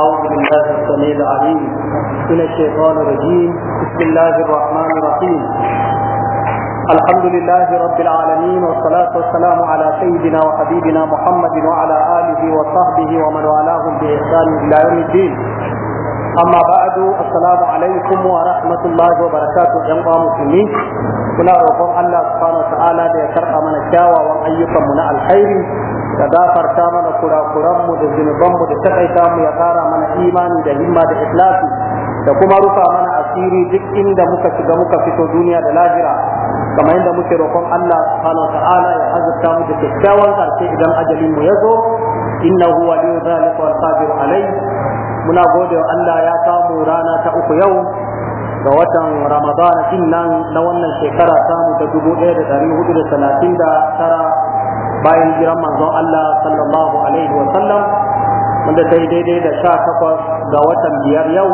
أعوذ بالله السميع العليم من الشيطان الرجيم بسم الله الرحمن الرحيم الحمد لله رب العالمين والصلاة والسلام على سيدنا وحبيبنا محمد وعلى آله وصحبه ومن والاهم بإحسان إلى يوم الدين أما بعد السلام عليكم ورحمة الله وبركاته جميع المسلمين كنا الله سبحانه وتعالى wa ta'ala من الشاوى وأن mana الخير ka gafarta mana kurakuranmu da zunubanmu da takaita mu ya kara mana imani da himma da ikhlasi da kuma rufa mana asiri duk inda muka shiga muka fito duniya da lahira kamar yadda muke roƙon Allah subhanahu ta'ala ya azurta mu da kyakkyawan karshe idan ajalin mu ya zo innahu waliyyu dhalika wal qadir alai muna gode wa Allah ya samu rana ta uku yau ga watan ramadana din nan na wannan shekara samu ta 1439 bayan jiran manzon Allah sallallahu alaihi wa sallam wanda ta yi daidai da sha takwas ga watan biyar yau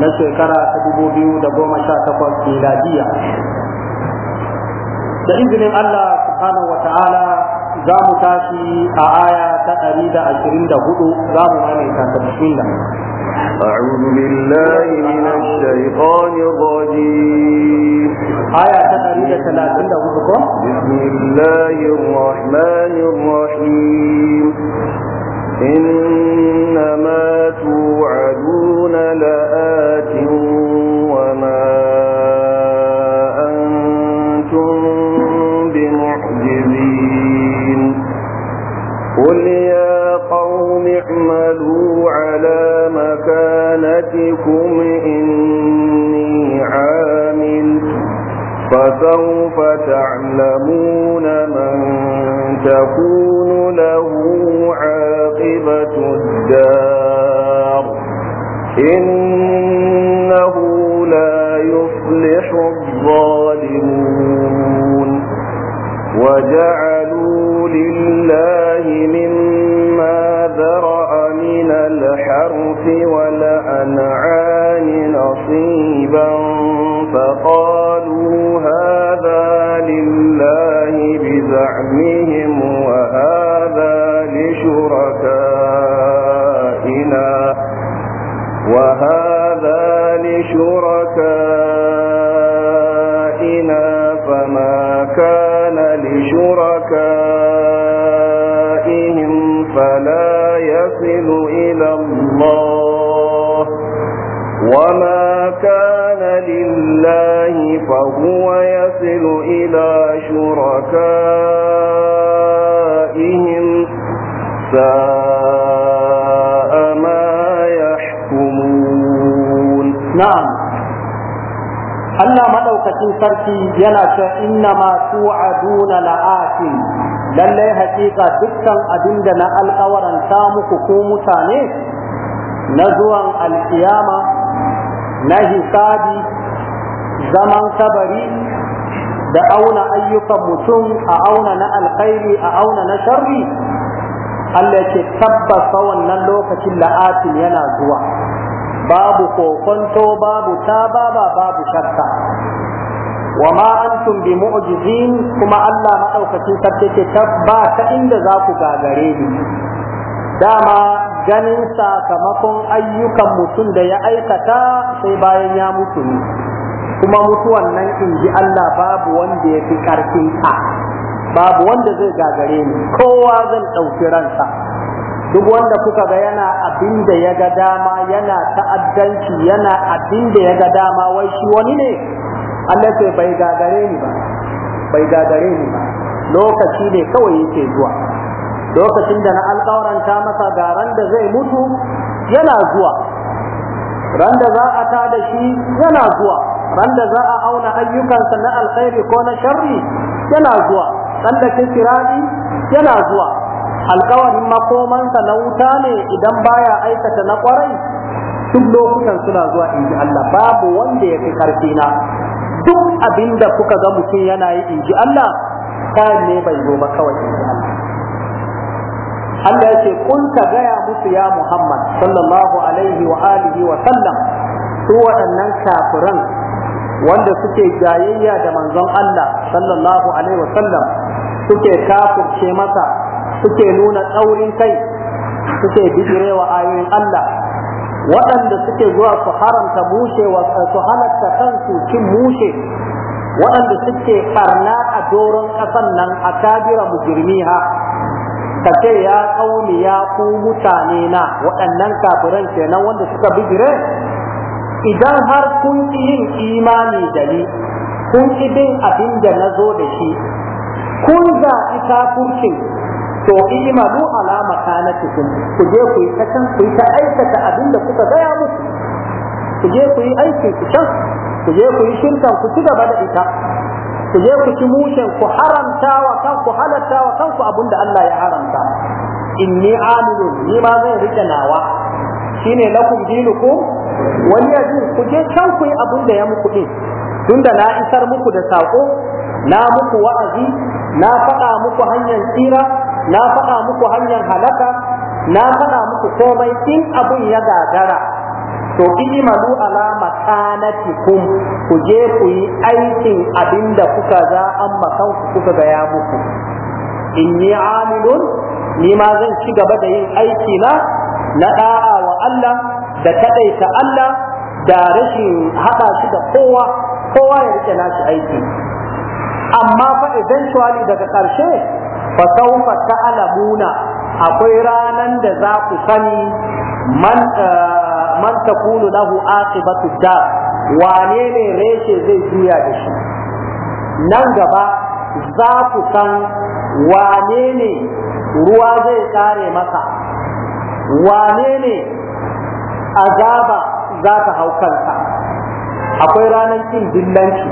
na shekara ta dubu biyu da goma sha takwas miladiya da izinin Allah subhanahu wa ta'ala za mu tashi a aya ta ɗari da ashirin da hudu za mu maimaita ta bismillah أعوذ بالله من الشيطان الرجيم آية تقريبا ثلاثين بسم الله الرحمن الرحيم إنما توعدون لآت وما أنتم بمعجزين قل يا اعملوا على مكانتكم إني عامل فسوف تعلمون من تكون له عاقبة الدار إنه لا يفلح الظالمون وجعل والأنعام نصيبا وما كان لله فهو يصل إلى شركائهم ساء ما يحكمون نعم أن ملوك سنسرتي جلس إنما توعدون لآكم للي هكيقة بكا أدندنا القورا سامك كومتاني نزوا القيامة na hisabi zaman kabari da auna ayyukan mutum a auna na alkhairi a auna na sharri Allah ke tabbasa wannan lokacin la'atin yana zuwa babu kokonto babu tababa babu shakka wa ma antum bi mu'jizin kuma Allah madaukakin sarki ce ba ta inda za ku gagare ni dama ganin sakamakon ayyukan mutum da ya aikata sai bayan ya mutu ne kuma mutuwan nan in ji Allah babu wanda ya fi ƙarfin ka babu wanda zai gagare ni kowa zan ɗauki ransa duk wanda kuka ga yana abin da ya ga dama yana ta'addanci yana abin da ya ga dama wai shi wani ne Allah sai bai gagare ni ba bai gagare ni ba lokaci ne kawai yake zuwa lokacin da na alƙawaranta masa ga ran da zai mutu yana zuwa ran da za a ta da shi yana zuwa ran da za a auna ayyukansa na alkhairi ko na sharri yana zuwa ran da kirani yana zuwa alƙawarin makomansa na wuta ne idan baya aikata na kwarai duk lokutan suna zuwa in ji Allah babu wanda ya fi karfi na duk abinda kuka ga mutum yana yi in ji Allah kayan ne bai zo ba kawai in ji Allah Allah ya ce kun ka gaya musu ya Muhammad sallallahu alaihi wa alihi wa sallam su waɗannan kafiran wanda suke jayayya da manzon Allah sallallahu alaihi wa sallam suke kafirce masa suke nuna tsaurin kai suke bijirewa ayoyin Allah waɗanda suke zuwa su haramta mushe su halatta kansu cin mushe waɗanda suke ɓarna a doron ƙasan nan a kabira mujirmiha ka ce ya kaumi ya ku mutane na waɗannan kafiran kenan wanda suka bijire idan har kun yin imani da ni kun ki bin abin da na zo da shi kun zaɓi kafurcin to imanu na cikin ku je ku yi ta can ku yi ta aikata abin da kuka gaya musu ku je ku yi aikin ku can ku je ku yi shirkan ku ci gaba da ita ku je ku ci mushen ku haramta wa kanku halatta wa kanku abin da Allah ya haramta inni amilu ni ma zan rike nawa shine lakum dinukum wani ya ku je can ku yi abin da ya muku din tunda na isar muku da sako na muku wa'azi na faɗa muku hanyar tsira na faɗa muku hanyar halaka na faɗa muku komai in abun ya gagara to imalu ala kum ku je ku yi aikin abinda kuka za an makan ku kuka gaya muku inni amilun ni ma zan ci gaba da yin aiki na na da'a wa Allah da kadaita Allah da rashin haɗa shi da kowa kowa ya rike nashi aiki amma fa eventually daga ƙarshe fa sawfa ta'lamuna akwai ranan da za ku sani man eh, man takunu lahu aqibatu da wane ne reshe zai juya da shi nan gaba za ku san wane ne ruwa zai tsare masa wane ne azaba za ta hau kanta akwai ranar kin dillanci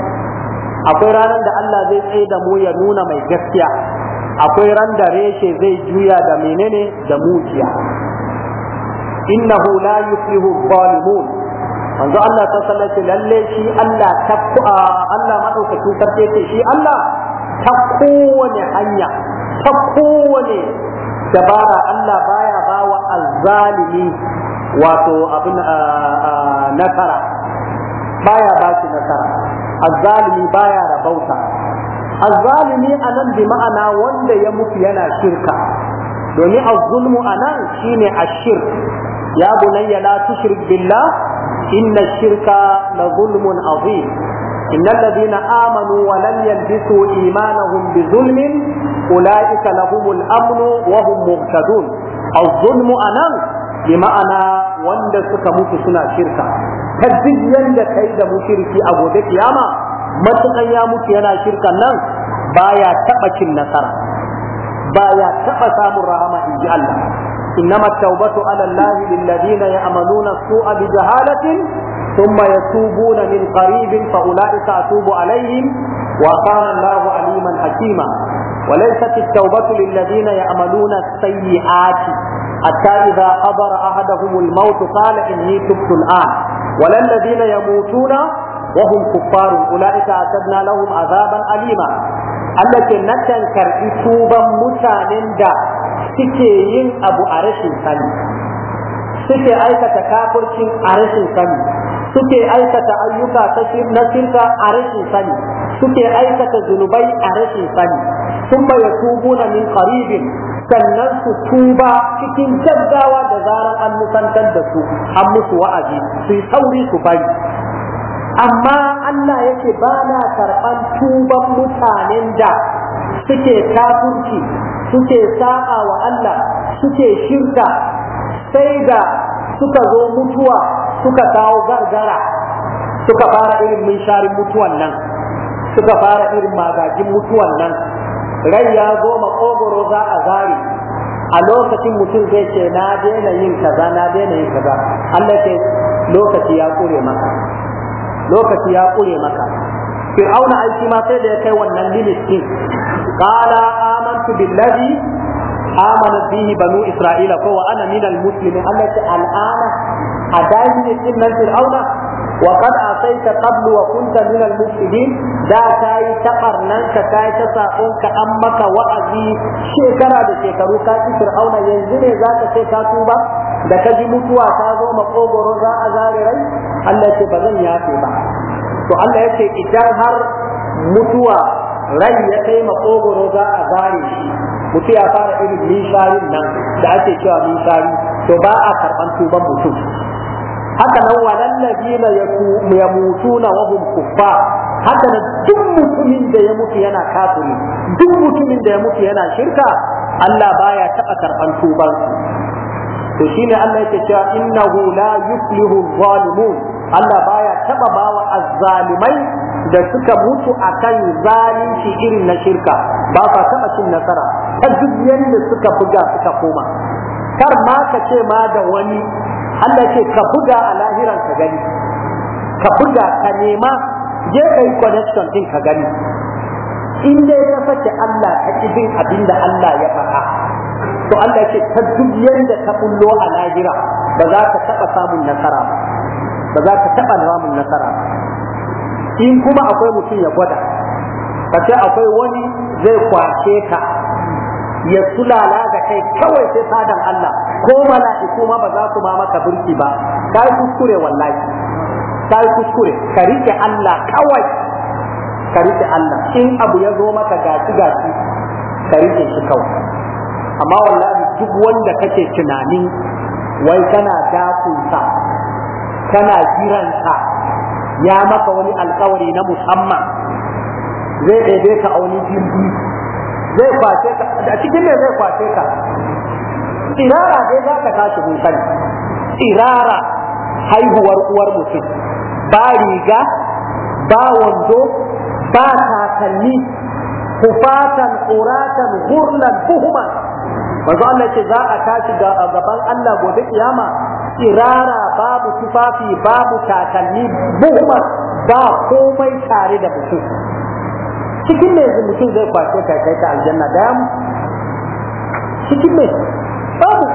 akwai ranar da Allah zai tsaye da mu ya nuna mai gaskiya akwai ran da reshe zai juya da menene da mujiya innahu la yuflihu zalimun manzo Allah ta sallace lalle shi Allah ta Allah madaukaki sarki ce shi Allah ta kowane hanya ta kowane dabara Allah baya bawa azzalimi wato abin nasara baya ba shi nasara azzalimi baya rabauta azzalimi anan bi ma'ana wanda ya mutu yana shirka domin azzulmu anan shine ashirk ya bunayya la tushrik billah inna shirka la zulmun azim إن الذين آمنوا ولم ula'ika إيمانهم بظلم أولئك لهم الأمن A مهتدون anan أنا ma'ana wanda suka mutu suna shirka ta duk yanda kai da mushriki a gobe kiyama matukan ya mutu yana shirka nan baya taba cin nasara baya taba samun rahama in ji Allah إنما التوبة على الله للذين يعملون السوء بجهالة ثم يتوبون من قريب فأولئك أتوب عليهم وكان الله عليما حكيما وليست التوبة للذين يعملون السيئات حتى إذا حضر أحدهم الموت قال إني تبت الآن ولا الذين يموتون وهم كفار أولئك أعتدنا لهم عذابا أليما التي نتنكر nakan متعندا suke yin abu a rashin sani suke aikata kafircin a rashin sani suke aikata ayyuka na shirka a rashin sani suke aikata zunubai a rashin sani sun tubu na min karibin sannan su tuba cikin gaggawa da zarar an musantar da su an musu wa'azi su yi sauri su bari amma Allah yake ba na karɓan tuban mutanen da suke kafirci suke sa'a wa Allah suke shirka sai da suka zo mutuwa suka kawo gargara suka fara irin minsharin mutuwan nan suka fara irin magajin mutuwan nan rai ya zo makogoro za a zari a lokacin mutum zai ce na daina yin kaza na daina yin kaza Allah ce lokaci ya kure maka lokaci ya kure maka fir'auna ai ma sai da ya kai wannan limit din qala amantu billazi amana bihi banu isra'ila kowa ana min almuslimin Allah ta al'ana adani ne din nan fir'auna wa qad asaita qablu wa kunta min almuslimin da kai tabarnan ka kai ta sakon ka maka wa'azi shekara da shekaru ka fir'auna yanzu ne zaka ce ka tuba da ka ji mutuwa ta zo makogoro za a zare rai Allah ce ba zan yafe ba to Allah ya ce idan har mutuwa rai ya kai makogoro za a zare shi mutu ya fara irin misharin nan da ake cewa mishari to ba a karɓan tuban mutum haka nan wadan ladina ya mutu na wahum kuffa haka nan duk mutumin da ya mutu yana kafiri duk mutumin da ya mutu yana shirka Allah baya taɓa karɓan tuban to shine Allah yake cewa innahu la yuflihu zalimun Allah baya taba bawa azzalimai da suka mutu akan zalunci irin na shirka ba sa taba cin nasara ta duk yadda suka buga suka koma kar ma ka ce ma da wani Allah ce ka buga a lahiran ka gani ka buga ka nema je kai connection din ka gani in dai ka sake Allah ka ki bin abin da Allah ya faɗa to Allah ce ta duk yadda ka bullo a lahira ba za ka taɓa samun nasara ba ba za ka taɓa ramun nasara in kuma akwai mutum ya gwada ka ce akwai wani zai kwace ka ya sulala da kai kawai sai sadan Allah ko mala'iku ma ba za su ma maka burki ba yi kuskure wallahi yi kuskure ka rike Allah kawai ka rike Allah in abu ya zo maka gashi gashi ka rike shi kawai amma wallahi duk wanda kake tunanin wai kana dakunsa kana jiransa ya maka wani alkawari na musamman zai ɗebe ka a wani jirgi zai kwace ka a cikin mai zai kwace ka Irara dai za ka tashi hankali Irara haihuwar uwar mutum ba riga ba wando ba takalmi kufatan ƙuratan hurlan buhuman manzo Allah ce za a tashi gaban Allah gobe kiyama tsirara babu tufafi babu takalmi buhuma ba komai tare da mutum cikin me yanzu mutum zai kwace ka kai ta aljanna da mu cikin me babu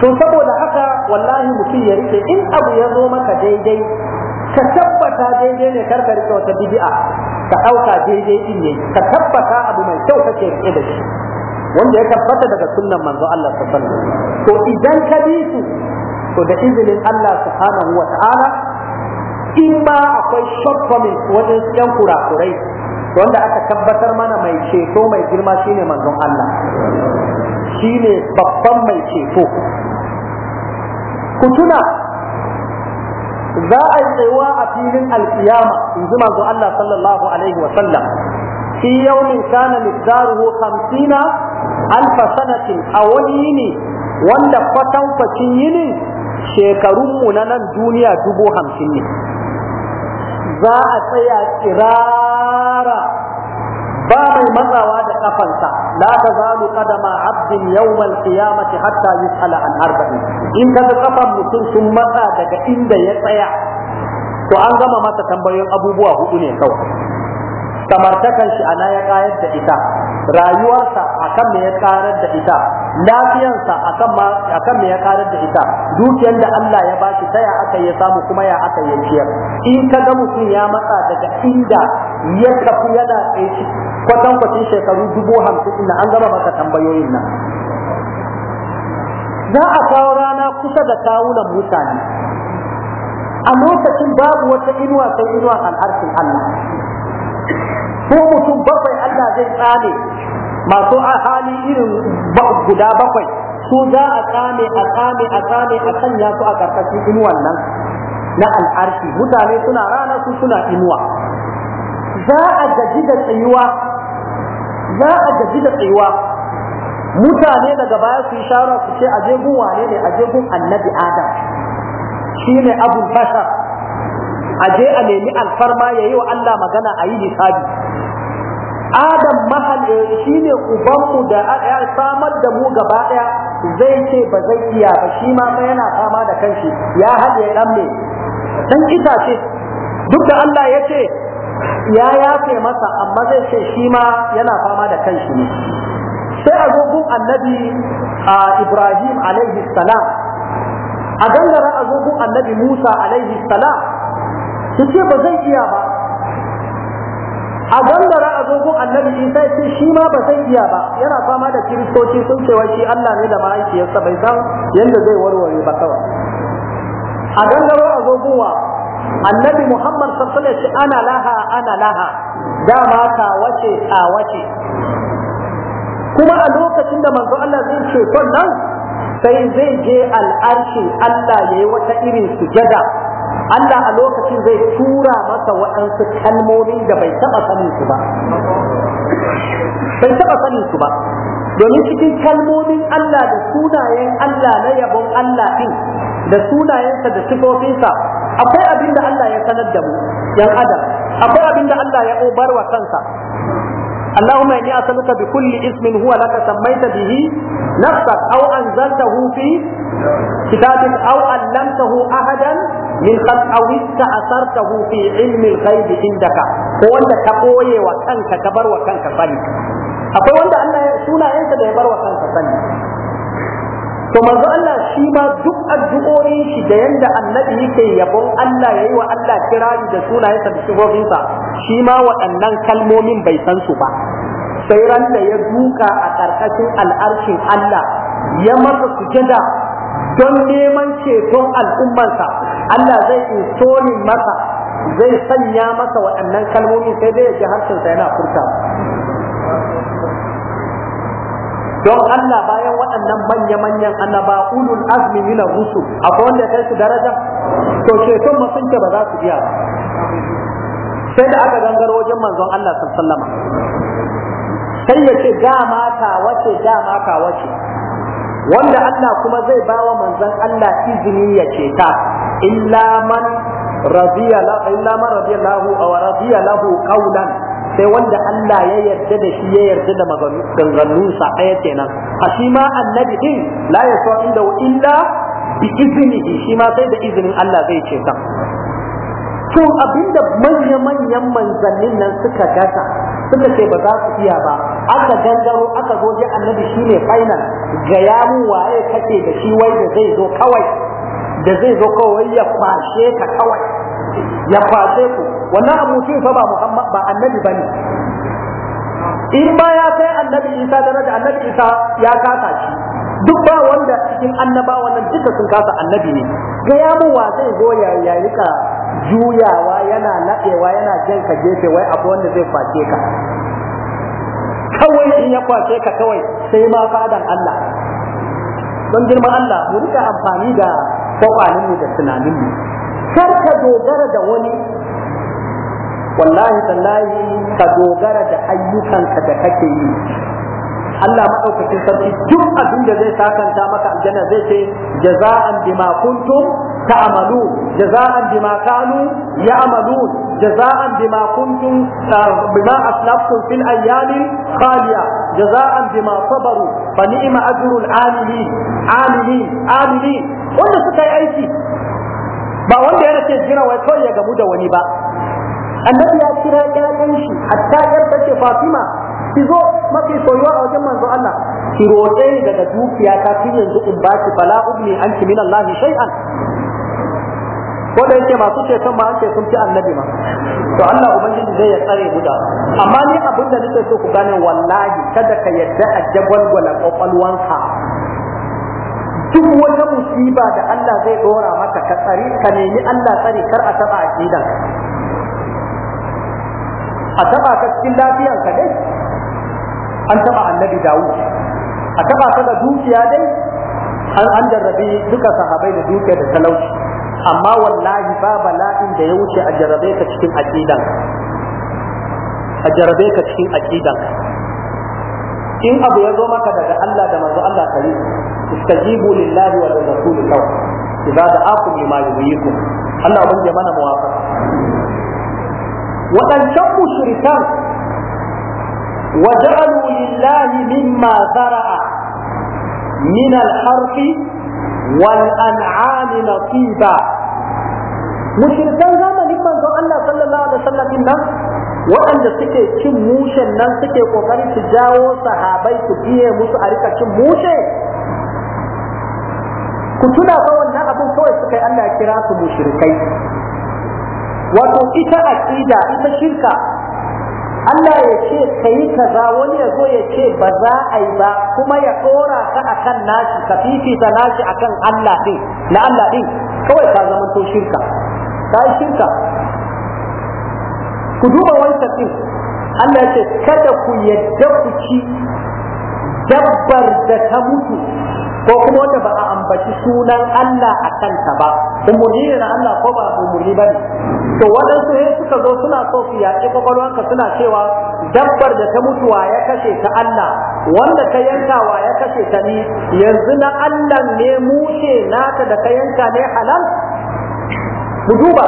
to saboda haka wallahi mutum ya rike in abu ya zo maka daidai ka tabbata daidai ne karka rike wata bid'a ka ɗauka daidai din ne ka tabbata abu mai kyau kake rike da shi wanda ya tabbata daga sunnan manzo Allah sallallahu alaihi wasallam to idan ka bi su to da izinin Allah subhanahu wa ta'ala in ma akwai shortcoming wajen yan kurakurai wanda aka tabbatar mana mai ceto mai girma shine manzon Allah shine babban mai ceto ku tuna za a yi tsayawa a filin alkiyama in ji manzon Allah sallallahu alaihi wa sallam fi yawmin kana miqdaruhu 50 alf sanatin a wani yini wanda kwatankwacin yinin shekarunmu na nan duniya dubu hamsin ne za a tsaya tsirara ba mai matsawa da kafansa la ta zalu qadama abdin yawmal qiyamati hatta yus'ala an arba'in in kaga ƙafar mutum sun matsa daga inda ya tsaya to an gama masa tambayoyin abubuwa hudu ne kawai samartakan shi ana ya kayar da ita rayuwarsa akan me ya karar da ita lafiyarsa akan ma akan me ya karar da ita dukiyar da Allah ya bashi ta ya aka ya samu kuma ya aka ya ciya in ka ga mutum ya matsa daga inda ya tafi yana tsaye kwatan kwatan shekaru dubu hamsin na an gama maka tambayoyin nan za a kawo rana kusa da kawunan mutane a lokacin babu wata inuwa sai inuwa al'arfin Allah ko mutum bakwai Allah zai tsane masu hali irin guda bakwai su za a tsame a tsame a tsame a sanya su a karkashin inuwan nan na al'arshi mutane suna rana su suna inuwa za a gaji da tsayuwa za a gaji da tsayuwa mutane daga baya su yi shawara su ce a jegun wane ne a jegun annabi adam shine abul bashar a je a nemi alfarma ya yi wa Allah magana a yi hisabi adam mahal eh, shi ne ubanmu da ya samar da mu gaba daya zai ce ba zai iya ba shi ma yana fama da kanshi ya haɗe ɗan ne dan itace duk da Allah ya ce ya yafe masa amma zai ce shi ma yana fama da kanshi ne sai a zo gun annabi Ibrahim alaihi salam a gangara a zo annabi Musa alaihi salam su ce ba zai iya ba a gangara a zogon annabi isa ce shi ma ba zai iya ba yana fama da kiristoci sun cewa shi allah ne da mahaifiyarsa bai san yadda zai warware ba kawai a gangaro a wa annabi muhammad sassale ce ana laha ana laha dama ta wace ta wace kuma a lokacin da manzo allah zai ce nan sai zai je al'arshi allah ya yi wata irin sujada Allah a lokacin zai tura masa waɗansu kalmomin da bai taɓa sanin su ba bai taɓa sanin su ba domin cikin kalmomin Allah da sunayen Allah na yabon Allah ɗin da sunayensa da sifofinsa akwai abin da Allah ya sanar da mu yan adam akwai abin da Allah ya obar wa kansa اللهم إني أسألك بكل اسم هو لك سميت به نفسك أو أنزلته في كتابك أو علمته أحدا min khalq aw ista'sartahu fi ilmi al-ghaib indaka ko wanda ka koye wa kanka ka bar wa kanka sani akwai wanda Allah ya sunayensa da ya bar wa kanka sani to manzo Allah shi ma duk addu'o'in shi da yanda annabi yake yabon Allah yayi wa Allah kirari da sunayensa da sifofinsa shi ma waɗannan kalmomin bai san su ba sai ran da ya duka a ƙarƙashin al'arshin Allah ya masa sujada don neman ceton al'ummarsa Allah zai insoni masa zai sanya masa waɗannan kalmomi sai dai ya ji harshensa yana furta don Allah bayan waɗannan manya-manyan annaba ulul azmi min rusul akwai wanda ya kai su daraja to ceton ma ba za su iya sai da aka gangaro wajen manzon Allah sallama sai ya ce dama ka wace dama ka wace wanda Allah kuma zai bawa manzon Allah izini ya ce ta illa man radiya illa man radiya lahu aw radiya lahu qawlan sai wanda Allah ya yarda da shi ya yarda da maganganun sa ɗaya kenan a shi ma annabi din la yasu inda illa bi iznihi shi ma sai da izinin Allah zai ce ta to abinda manya-manyan manzannin nan suka gasa suka ce ba za su iya ba aka gangaro aka goje annabi shi ne final ga yamu waye kake da shi wai da zai zo kawai da zai zo kawai ya kwashe ka kawai ya kwashe ku wannan abokin fa ba muhammad ba annabi bane in ba ya kai annabi isa annabi isa ya kasa shi duk ba wanda cikin annabawa nan duka sun kasa annabi ne ga ya mu wa zai zo ya yayi ka juyawa yana naɗewa yana jan ka gefe wai abu wanda zai kwace ka kawai in ya kwace ka kawai sai ma fadan Allah don girman Allah mu rika amfani da kwakwalinmu da tunaninmu kar ka dogara da wani wallahi tallahi ka dogara da ayyukanka da kake yi Allah madaukakin sarki duk abin da zai sakanta maka aljanna zai ce jaza'an bima kuntum ta'malu jaza'an bima kanu ya'malu jaza'an bima kuntum ah, bima aslaftum fil ayyami khaliya jaza'an bima sabaru fa ni'ma ajrul amilin amilin amilin wanda suka yi aiki ba wanda yana ce jira wai kawai ya gamu da wani ba annabi ya kira 'ya'yan shi hatta yar take Fatima ki zo mafi soyuwa a wajen manzo Allah ki roƙe daga dukiya ta fi yanzu in ba ki bala ubni an ki min Allah shay'an ko da yake masu ceton ma an ce sun ci annabi ma to Allah ubangiji zai ya tsare mu da amma ni abin da nake so ku gane wallahi kada ka yadda a jagwalgwala kwakwalwanka duk wata musiba da Allah zai dora maka ka tsari ka nemi Allah tsari kar a taba aqidan a taba ka cikin lafiyanka dai an taba annabi dawud a taba ta da dukiya dai an jarrabi duka sahabai da dukiya da talauci amma wallahi ba bala'in da ya wuce a jarrabe ka cikin aqidan a jarrabe ka cikin aqidan in abu ya zo maka daga Allah da manzo Allah kare istajibu lillahi wa rasuli kawai idza da'akum lima yuhyikum Allah mun ubangiji mana muwafaqa waɗancan mushrikan وجعلوا لله مما زرع من الحرف والأنعام نصيبا مشركان zamanin manzon Allah sallallahu alaihi wasallam nan waɗanda suke cin mushen nan suke kokari su jawo sahabai su biye musu a rika mushe ku tuna fa wannan abin kawai suka yi Allah ya kira su wato ita aqida ita shirka Allah ya ce ka yi kaza wani ya zo ya ce ba za a yi ba kuma ya ɗora ka kan nashi ka fifita nashi kan Allah ɗin na Allah ɗin kawai ka zama to shirka ka yi shirka ku duba wancan ɗin Allah ya ce kada ku yadda ku ci dabbar da ta mutu ko kuma wanda ba a ambaci sunan Allah a kanta ba umurni ne na Allah ko ba umurni ba ne to waɗansu sai suka zo suna so su yaƙi kwakwalwanka suna cewa dabbar da ta mutu wa ya kashe ta Allah wanda ka yanka wa ya kashe ta ni yanzu na Allah ne mushe naka da ka yanka ne halal ku duba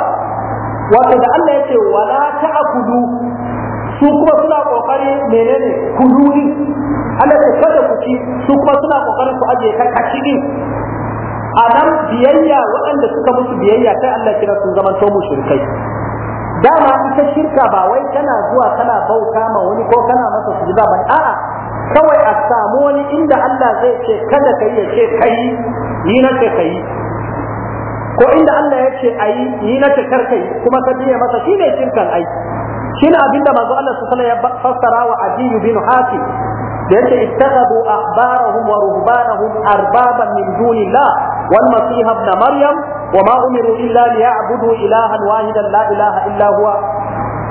wato da Allah ya ce wala ta'kulu su kuma suna kokari menene kuduri halatta kada ku ci su kuma suna kokarin ku ajiye kan kaci din a nan biyayya waɗanda suka musu biyayya sai Allah kira sun zama to mushrikai dama ita shirka ba wai yana zuwa kana bauta ma wani ko kana masa sujda ba a'a kawai a samu wani inda Allah zai ce kada kai ya ce kai ni na ce kai ko inda Allah ya ce ayi ni na ce kar kuma ka biye masa shine shirkan ai shine abinda manzo Allah sallallahu alaihi wasallam ya fassara wa Abi bin Hatim yace ittakhadhu ahbarahum wa ruhbanahum arbaban min dunillah wal masih ibn maryam wa ma umiru illa liya'budu ilahan wahidan la ilaha illa huwa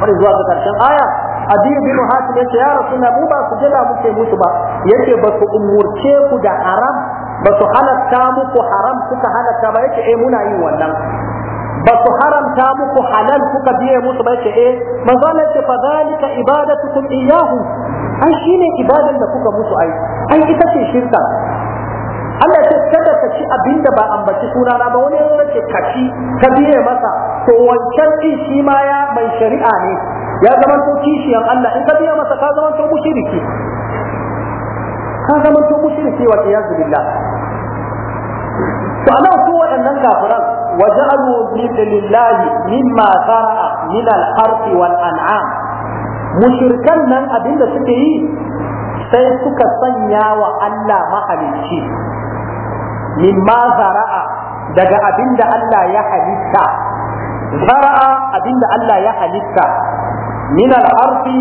wani zuwa ga karshen aya adiyu bin hatim yace ya rasulna mu ba su jira muke musu ba yace ba su umurce ku da haram ba su halatta muku haram suka halatta ba yace eh muna yin wannan ba su haramta muku halal kuka biye musu ba yace eh manzo Allah ce fa zalika ibadatukum iyyahu ai ne ibadan da kuka musu ai ai ita ce shirka Allah ce kada ka ci abinda ba ambaci sunana ba wani yana ce ka ka biye masa to wancan din shi ma ya mai shari'a ne ya zama to kishiyan Allah in ka biye masa ka zama to mushriki ka zama to mushriki wa iyazu billah to anan su waɗannan kafiran waja'alu lillahi mimma sara'a min al-harfi wal an'am mushirkan nan abinda suke yi sai suka sanya wa Allah mahalicci ma zara'a daga abinda Allah ya halitta zara'a abinda Allah ya halitta min al'arfi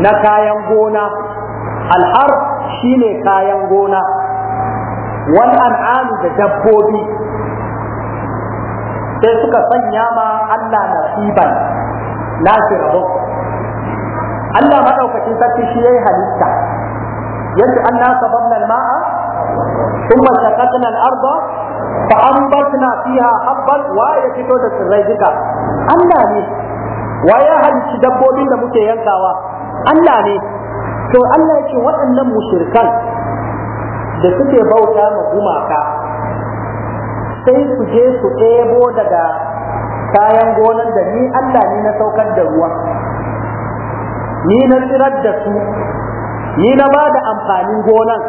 na kayan gona al'arf shine kayan gona wal an'amu da dabbobi sai suka sanya ma Allah nasiban na Allah madaukakin sarki shi yayi halitta yanzu Allah sabanna al-ma'a thumma shaqaqna al-arda fa anbatna fiha habban wa ya fito da sirrai duka Allah ne wa ya halicci dabbobin da muke yankawa Allah ne to Allah ya waɗannan mushrikan da suke bauta ma gumaka sai su je su ɗebo daga kayan gonan da ni Allah ne na saukar da ruwa ni na tsirar da su ni na ba da amfanin gonan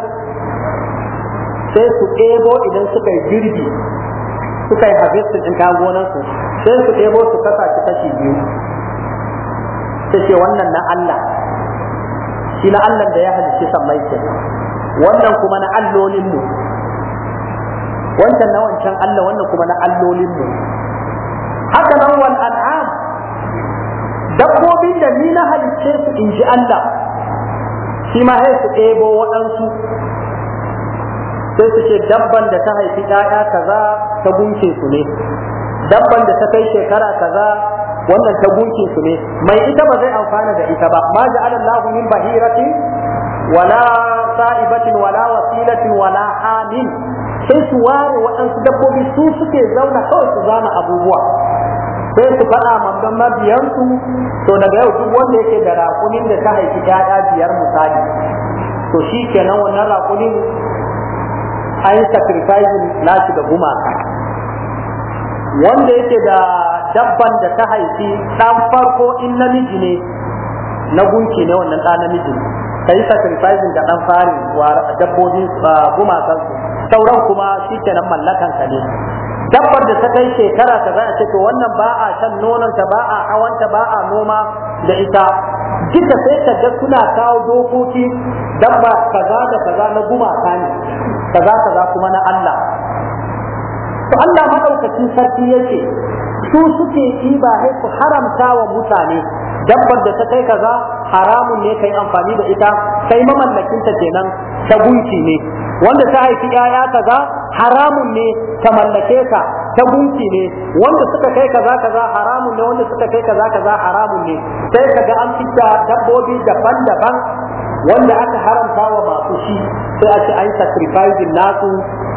sai su ɗebo idan suka yi girbi suka yi harvestin ɗin kayan su sai su ɗebo su kasa su kashi biyu ta ce wannan na Allah shi na Allah da ya halicci sammai ce wannan kuma na allolinmu wancan na wancan Allah wannan kuma na allolinmu haka nan wal an'am dabbobin da ni na halicce su in ji Allah shi ma sai su ɗebo waɗansu sai su ce dabban da ta haifi ɗaya kaza ta gunce su ne dabban da ta kai shekara kaza wannan ta gunce su ne mai ita ba zai amfana da ita ba ma ja'ala Allahu min bahiratin wala sa'ibatin wala wasilatin wala amin sai su ware waɗansu dabbobi su suke zauna kawai su zana abubuwa sai su faɗa manzon mabiyansu to daga yau duk wanda yake da raƙunin da ta haifi ƴaƴa biyar misali to shi kenan wannan raƙunin, an yi sacrificing nashi da gumaka wanda yake da dabban da ta haifi ɗan farko in namiji ne na gunki ne wannan ɗan namiji ne ka yi sacrificing da ɗan fari wa dabbobi gumakansu sauran kuma shi kenan mallakanka ne dabbar da ta kai shekara ta za a ce to wannan ba a shan nonanta ba a ta ba a noma da ita duka sai ka ga kuna kawo dokoki dabba kaza da kaza na gumaka ne kaza kaza kuma na Allah to Allah madaukakin sarki yace su suke ɗiba sai ku haramta wa mutane dabbar da ta kai kaza haramun ne kai amfani da ita sai mamallakinta kenan ta gunki ne wanda ta haifi ‘ya'ya kaza haramun ne ta mallake ka ta gunki ne wanda suka kai kaza kaza haramun ne wanda suka kai kaza kaza haramun ne sai ka ga an fita dabbobi daban-daban wanda aka haramta wa masu shi sai a ce an sacrificing nasu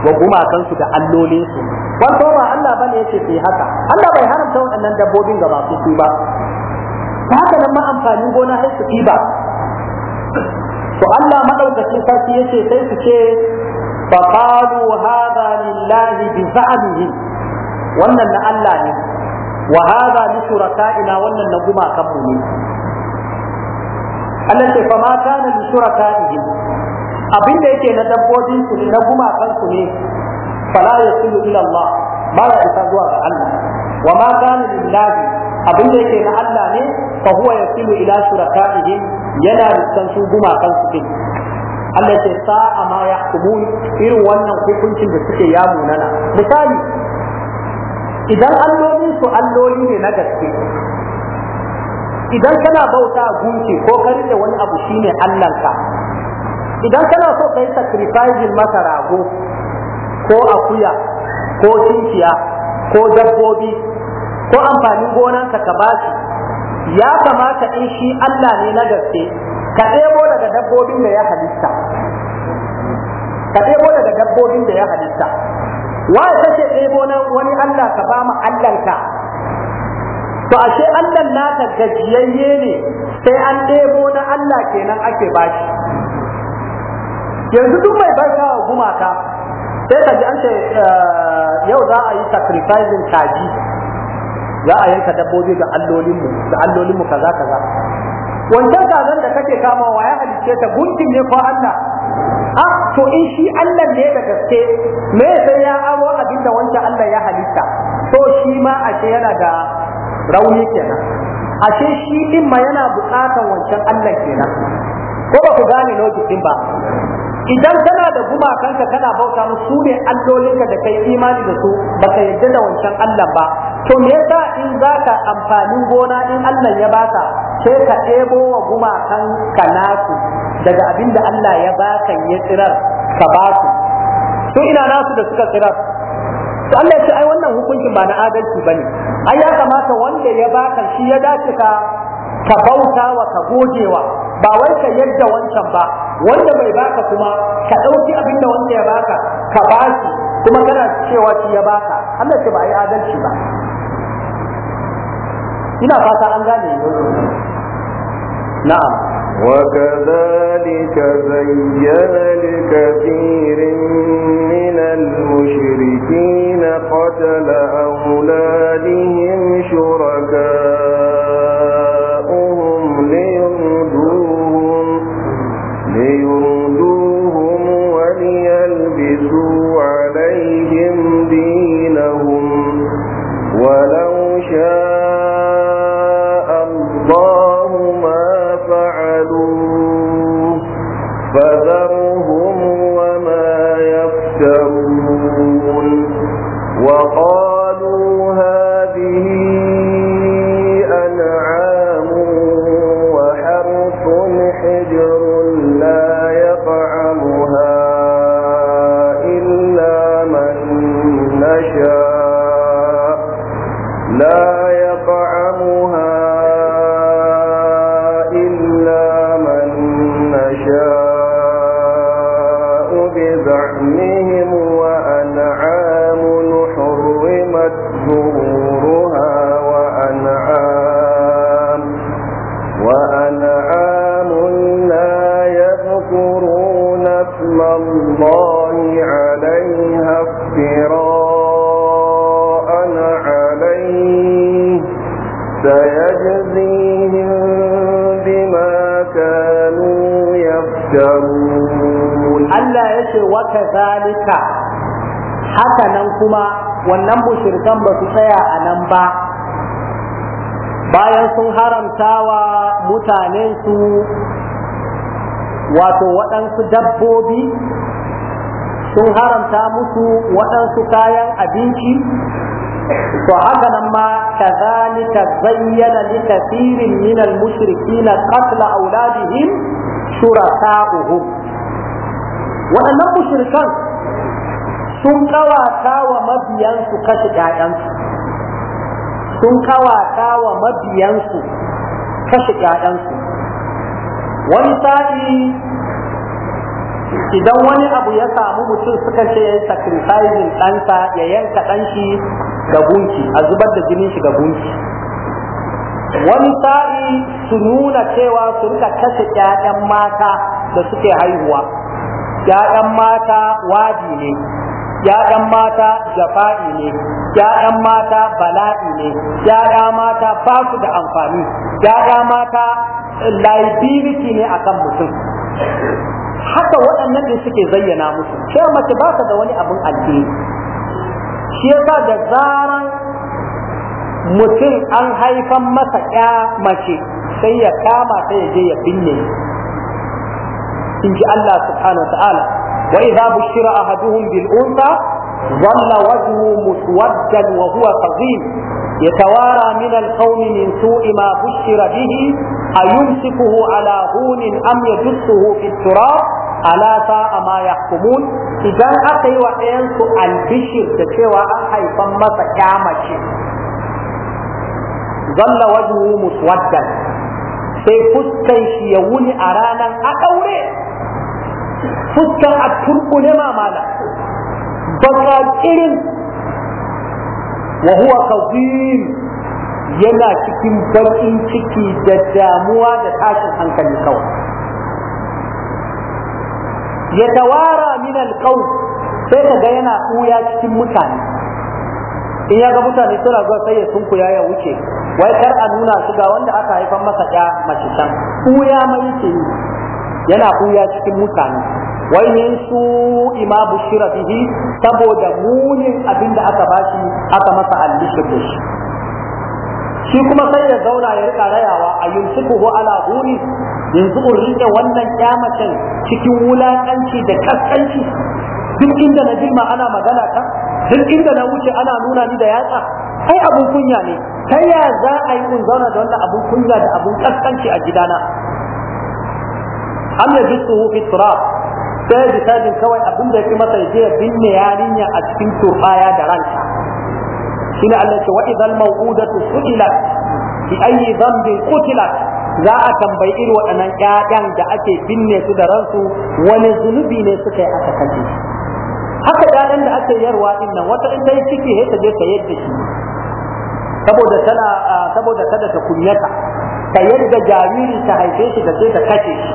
wa gumakansu da allolinsu farko ba Allah bane yace sai haka Allah bai haramta waɗannan dabbobin ga masu su ba haka nan ma amfanin gona sai su ba. to Allah madaukakin sarki yace sai su ce fa qalu hadha lillahi bi za'mihi wannan na Allah ne wa hadha li shuraka'ina wannan na gumakan mu ne Allah ce fa ma kana li shuraka'ihim abin da yake na dabbobin su ne na gumakan su ne fala yasilu ila Allah ba ya isa zuwa ga Allah wa ma kana lillahi abin da yake na Allah ne fa huwa yasilu ila shuraka'ihim yana rikan su kan su din Allah ce sa'a ma yahkumun irin wannan hukuncin da suke ya munana misali idan allolin su alloli ne na gaske idan kana bauta gunki ko kari da wani abu shine ka idan kana so kai sacrificing masa rago ko akuya ko cinciya ko dabbobi ko amfanin gonanka ka ba shi ya kamata in shi Allah ne na gaske ka ɗebo daga dabbobin da ya halitta ka ɗebo daga dabbobin da ya halitta wa kake ɗebo na wani Allah ka ba ma Allahnka to ashe Allah naka gajiyayye ne sai an ɗebo na Allah kenan ake bashi yanzu duk mai barka wa gumaka sai ka ji an ce eh, yau za a yi sacrificing kaji za a yanka dabbobi ga allolinmu da allolinmu kaza kaza wancan kazan da kake kama wa ya halicce ta gunkin ne ko Allah a to in shi Allah ne da gaske me sai ya aro abin da wancan Allah ya halitta to shi ma ashe yana da rauni kenan ashe shi din ma yana bukatan wancan Allah kenan ko ba ku gane lokacin ba idan kana da gumakanka kana bauta musu ne allolinka da kai imani da su ba baka yarda da wancan Allah ba to me yasa in zaka amfanin gona in Allah ya baka sai ka ɗebo wa gumakan ka nasu daga abin da Allah ya baka ya tsirar ka ba su to ina nasu da suka tsirar to Allah ya ce ai wannan hukuncin ba na adalci bane ai ya kamata wanda ya baka shi ya dace ka ka bauta wa ka gogewa ba wai ka yadda wancan ba wanda bai baka kuma ka ɗauki abin da wanda ya baka ka ba shi kuma kana cewa shi ya baka Allah ya ce ba ai adalci ba ina fata an gane na'am وكذلك زين لكثير من المشركين قتل أولادهم شركاء ce wa kazalika haka nan kuma wannan bushirkan ba su tsaya a nan ba bayan sun wa mutanen su wato waɗansu dabbobi sun haramta musu waɗansu kayan abinci to haka nan ma kazalika zayyana li kathirin min al-mushrikeena qatla awladihim shuraka'uhum waɗannan mushrikan sun kawata wa mabiyansu kashe ƴaƴansu sun kawata wa mabiyansu kashe ƴaƴansu wani sa'i idan wani abu ya samu mutum suka ce ya yi sacrificing ɗansa ya yanka ɗanshi ga gunki a zubar da jinin shi ga gunki wani sa'i su nuna cewa su rika kashe ƴaƴan mata da suke haihuwa ‘ya'yan mata wadi ne, ‘ya'yan mata jafa'i ne, ‘ya'yan mata bala'i ne, ‘ya'ya mata ba su da amfani, ‘ya'ya mata liability ne akan mutum. Haka waɗannan ne suke zayyana musu, ce mace ba da wani abin alheri. Shi yasa da zaran mutum an haifan masa ya mace sai ya kama ta ya je ya binne inji Allah subhanahu wa ta'ala wa idza bushira ahaduhum bil unsa dhalla wajhu muswaddan wa huwa qadhim yatawara min al qawmi min su'i ma bushira bihi ayumsikuhu ala hunin am yadussuhu fit turab ala sa'a ma yahkumun idan aka yi wa ɗayansu albishir da cewa an haifan masa kyamace zalla wajhu muswaddan sai fuskan shi ya wuni a ranar a ɗaure fuskar a turkule mamala baka kirin wahuwa huwa yana cikin bakin ciki da damuwa da tashin hankali kawai ya tawara min alƙawu sai ka ga yana ɓuya cikin mutane in ya ga mutane suna zuwa sai ya sunkuya ya wuce wai kar a nuna su ga wanda aka haifan masa ya mace can ɓuya mai yake yana ɓuya cikin mutane wai min su ima bushira bihi saboda munin abin da aka bashi aka masa albishir da shi shi kuma sai ya zauna ya rika rayawa a yunsukuhu ala huri yanzu in rike wannan kyamacin cikin wulakanci da kaskanci duk inda na jima ana magana ta duk inda na wuce ana nuna ni da yatsa kai abun kunya ne ta ya za a yi in zauna da wannan abun kunya da abun kaskanci a gidana am yajisu fi sai bisajin kawai abin da ya fi masa ya je ya binne yarinya a cikin turbaya da ranka shi ne Allah ce wa idan mawudatu su'ilat bi ayi dhanbin qutilat za a tambayi irin waɗannan ƴaƴan da ake binne su da ransu wani zunubi ne suka yi aka haka ƴaƴan da ake yarwa din nan wata in dai ciki sai ta je ta yadda shi saboda tana saboda kada ta kunyata ta yadda jariri ta haife shi da je ta kashe shi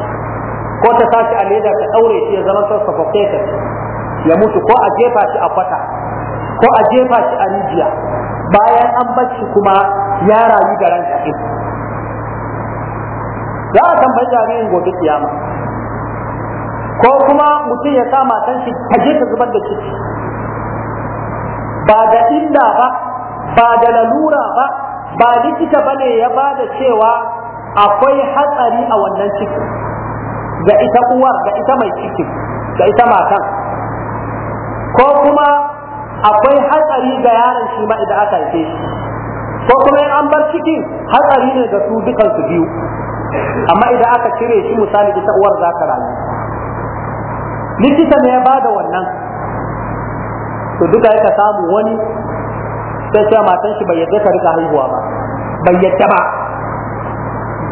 ko ta tashi a leda ta daure shi ya zama suffocated ya mutu ko a jefa shi a kwata ko a jefa shi a rijiya bayan an bacci kuma ya rayu da ran kaɗin za a tambayi jami'in gobe kiyama ko kuma mutum ya sa matan shi ta je ta zubar da ciki ba da illa ba ba da lalura ba ba likita bane ya ba da cewa akwai hatsari a wannan cikin ga ita uwar ga ita mai ciki ga ita matan ko kuma akwai hatsari ga yaron shi ma idan aka haife shi ko kuma in an bar cikin hatsari ne ga su dukansu biyu amma idan aka cire shi misali ita uwar za ka rayu likita ne ya da wannan to duka yaka samu wani sai ce matan shi bai yadda ka rika haihuwa ba bai yadda ba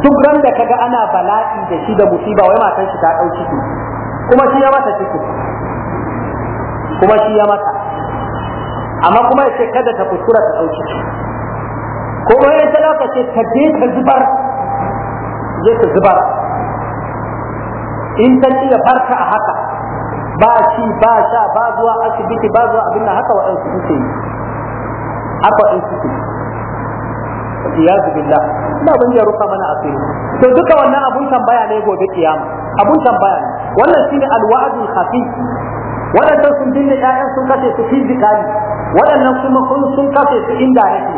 duk ran da kaga ana bala'i da shi da musiba wai matan shi ta ɗau ciki kuma shi ya mata ciki kuma shi ya mata amma kuma ya ce kada ta kuskura ta ɗau ciki ko kuma ya talaka ce ta je ta zubar je ta zubar in ta iya barka a haka ba shi ba sha ba zuwa asibiti ba zuwa abin da haka waɗansu suke yi haka waɗansu suke yi iyazu billah ina ban ya ruka mana asiri to duka wannan abun tambaya ne gobe kiyama abun tambaya ne wannan shine alwa'dul khafi wadannan sun dinne ƴaƴan sun kace su fizikali waɗannan kuma kun sun kace su inda yake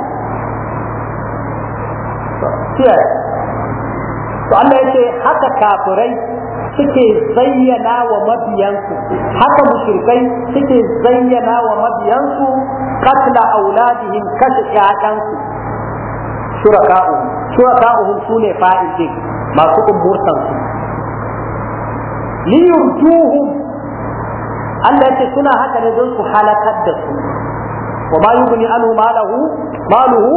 kiyaye to Allah yake haka kafirai suke zayyana wa mabiyansu haka mushrikai suke zayyana wa mabiyansu katla auladihim kashe ƴaƴansu shuraka'uhum shuraka'uhum sune fa'il din masu umurtan su liyurduhum Allah ya ce suna haka ne don su halakar da su wa ma yughni anhu malahu maluhu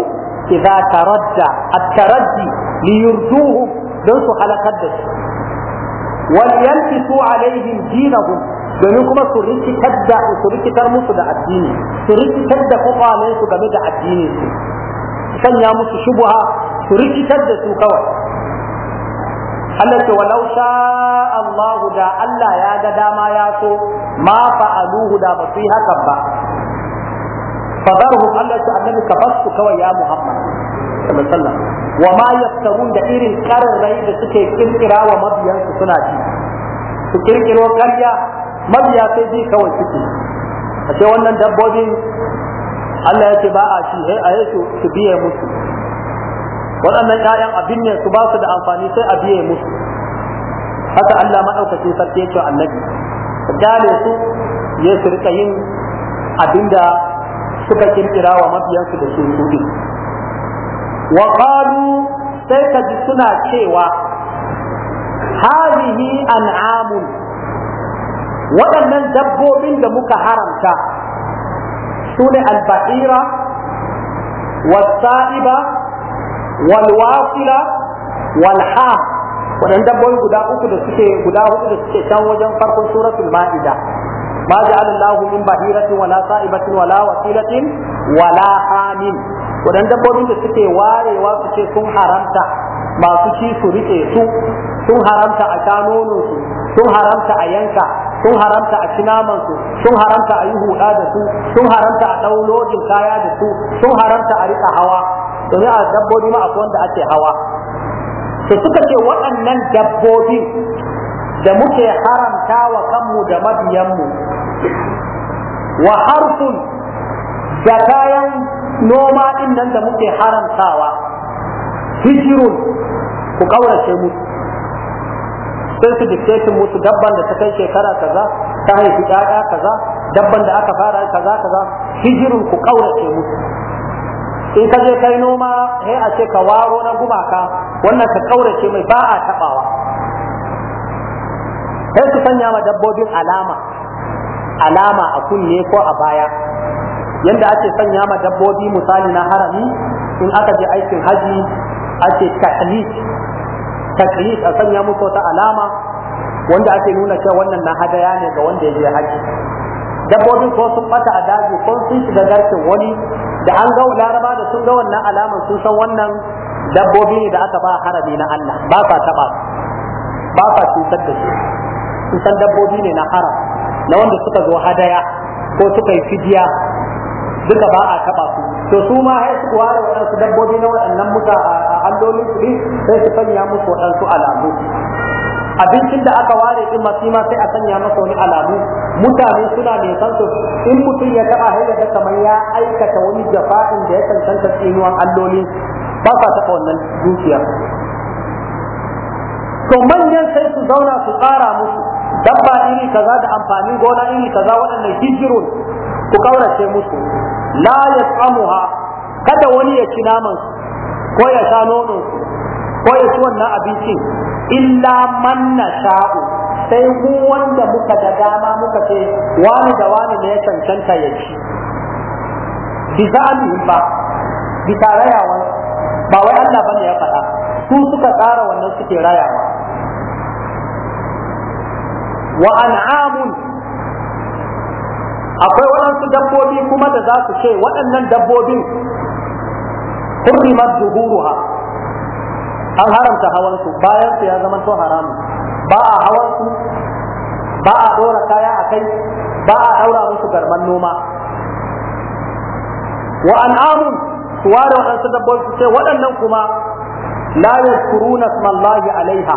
idza taradda at-taraddi liyurduhum don su halakar da su wal yantisu alaihim dinahum domin kuma su rikitar da su rikitar musu da addini su rikitar da kwakwalen su game da addinin su sanya musu shubuha su rikitar da su kawai Allah ce walau sha Allah da Allah ya ga dama ya so ma fa'aluhu da ba su yi hakan ba fadarhum Allah ce annabi ka basu kawai ya Muhammad sallallahu wa ma yaftarun da irin rai da suke kirkira wa mabiyansu suna ci su kirkiro karya mabiya sai ji kawai suke a ce wannan dabbobin Allah ya ce ba a ci a yi su biye musu waɗannan ƴaƴan abin ne su ba su da amfani sai a biye musu haka Allah maɗaukacin sarki ya ce annabi gane su ya su rika yin abin da suka kirkira wa mabiyansu da su rudi wa sai ka ji suna cewa hadihi an'amun waɗannan dabbobin da muka haramta sune al-bahira was-sa'iba wal-wasila wal dabbobi guda uku da suke guda hudu da suke can wajen farkon suratul ma'ida Ma جعل الله من بحيرة ولا صائبة ولا وسيلة Wala حامل wadan dabbobin da suke warewa su ce sun haramta masu ci su rike su sun haramta a sha su sun haramta a yanka sun haramta a cinaman su sun haramta a yi huda da su sun haramta a ɗau kaya da su sun haramta a riƙa hawa domin a dabbobi ma akwai wanda ake hawa to suka ce waɗannan dabbobi da muke haramta wa kanmu da mabiyanmu wa harsun da kayan noma ɗin nan da muke haramtawa hijirun ku ƙaurace musu sai su sun mutu dabban da ta kai shekara kaza ta haifi ƴaƴa kaza dabban da aka fara kaza kaza hijirin ku kaurace musu in ka je kai noma sai a ce ka waro na gumaka wannan ka kaurace mai ba a tabawa sai su sanya ma dabbobin alama alama a kunne ko a baya yanda ake sanya ma dabbobi misali na harami in aka je aikin haji ake taklif taklif a sanya musu wata alama wanda ake nuna cewa wannan na hadaya ne ga wanda ya je haji Dabbobi ko sun bata a daji ko sun shiga garkin wani da an ga laraba da sun ga wannan alaman sun san wannan dabbobi ne da aka ba harami na Allah ba sa taba ba sa cutar da sun san dabbobi ne na haram na wanda suka zo hadaya ko suka yi fidiya duka ba a taba su to su ma har su ware waɗansu dabbobi na waɗannan muta a allolin su sai su sanya musu waɗansu alamu abincin da aka ware din masu ma sai a sanya masa wani alamu mutane suna san sansu in mutum ya taba haila da kamar ya aikata wani jafa'in da ya tantance tsinuwan allolin ba sa taɓa wannan dukiya to manyan sai su zauna su tsara musu dabba iri kaza da amfani gona iri kaza waɗannan hijirun ku kaurace musu la yat'amuha kada wani ya ci naman ko ya sha nono ko ya ci wannan abincin illa man sha'u, sai ku wanda muka da dama muka ce wani da wani ne ya cancanta ya ci bi zalihim ba bi tarayawa ba wai Allah ne ya faɗa su suka tsara wannan suke rayawa wa an'amun akwai waɗansu dabbobi kuma da za su ce waɗannan dabbobin hurrimat zuhuruha an haramta hawansu bayan su ya zama to haramu ba a hawansu ba a ɗora kaya a kai ba a ɗaura musu garman noma wa an'amun su ware waɗansu dabbobi su ce waɗannan kuma la yadhkuruna smallahi alaiha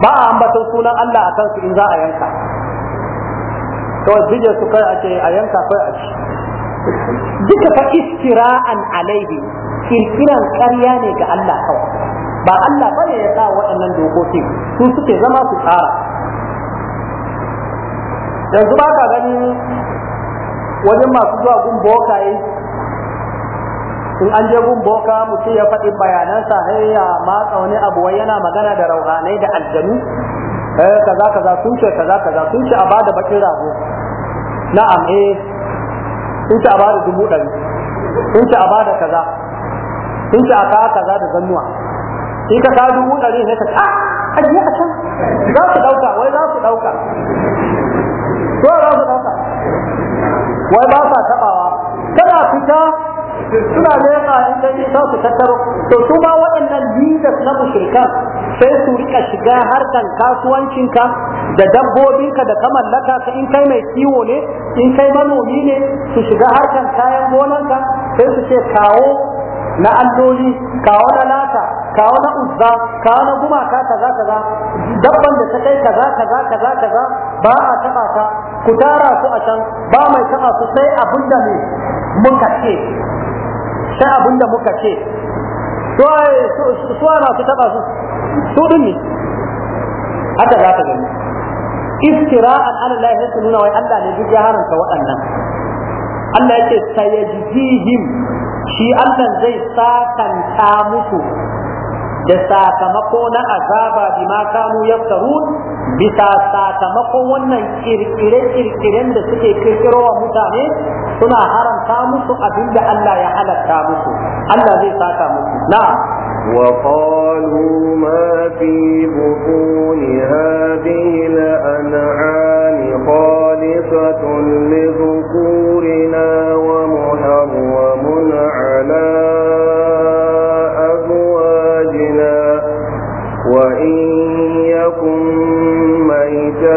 ba a ambaton sunan Allah akan su in za a yanka kawai bijir su kai a ce a yanka kai a ci duka fa istira'an alaihi kirkiran ƙarya ne ga Allah kawai ba Allah bane ya sa waɗannan dokoki su suke zama su tsara yanzu ba ka gani wajen masu zuwa gun bokaye in an je gun boka mutum ya faɗi bayanansa sai ya matsa wani abu wai yana magana da rauhanai da aljanu za eh, kaza kaza sun ce kaza kaza sun ce a bada bakin rago na'am eh sun ce a bada dubu ɗari sun ce a bada kaza sun ce a ka kaza da zannuwa in ka ka dubu ɗari ne ka ce ah ajiye a can za su ɗauka wai za su ɗauka to za su ɗauka wai ba sa taɓawa kana fita suna leƙa inda isa su tattaro to su ma waɗannan leaders na mushrikan sai su rika shiga harkan kasuwancinka da dabbobinka da ka mallaka ka in kai mai kiwo ne in kai manomi ne su shiga harkan kayan gonanka sai su ce kawo na alloli kawo na lata kawo na uzza kawo na gumaka kaza kaza dabban da ta kai kaza kaza kaza kaza ba a taba ta ku tara su a can ba mai taba su sai abinda ne muka ce sai abun da muka ce suwa na su taba su su din ne haka za ta gani iftira'an ala Allah ya nuna wai Allah ne duk ya waɗannan Allah yake sayajihim shi Allah zai satanta musu da sakamako na azaba bima kanu yaftarun bisa sakamakon wannan kirkire-kirkiren da suke kirkiro wa mutane suna haramta musu abin da Allah ya halatta musu Allah zai saka musu na'am وقالوا ما في بطون هذه الأنعام خالصة لذكورنا ومحرم على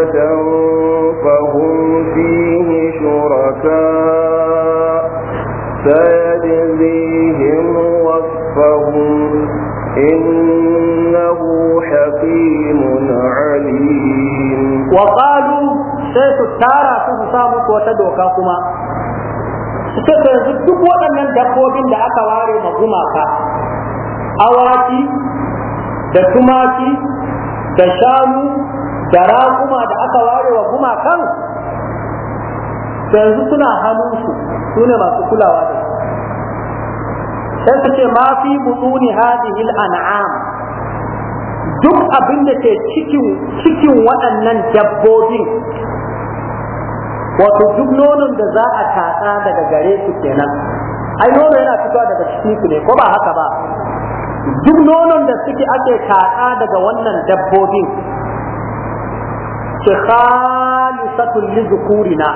فهم فيه شركاء سيجزيهم وصفهم إنه حكيم عليم وقالوا سيت التارى تسامك وتدوكا كما duk waɗannan dabbobin da aka ware ma gumaka awaki da tumaki da shanu da raƙuma da aka ware wa gumakan yanzu suna hannunsu su ne masu kulawa da sai su ce ma butuni hadihil an'am duk abin da ke cikin waɗannan dabbobin wato duk nonon da za a tatsa daga gare su kenan ai nono yana fitowa daga cikin su ne ko ba haka ba duk nonon da suke ake tatsa daga wannan dabbobin ce khalisatun li zukurina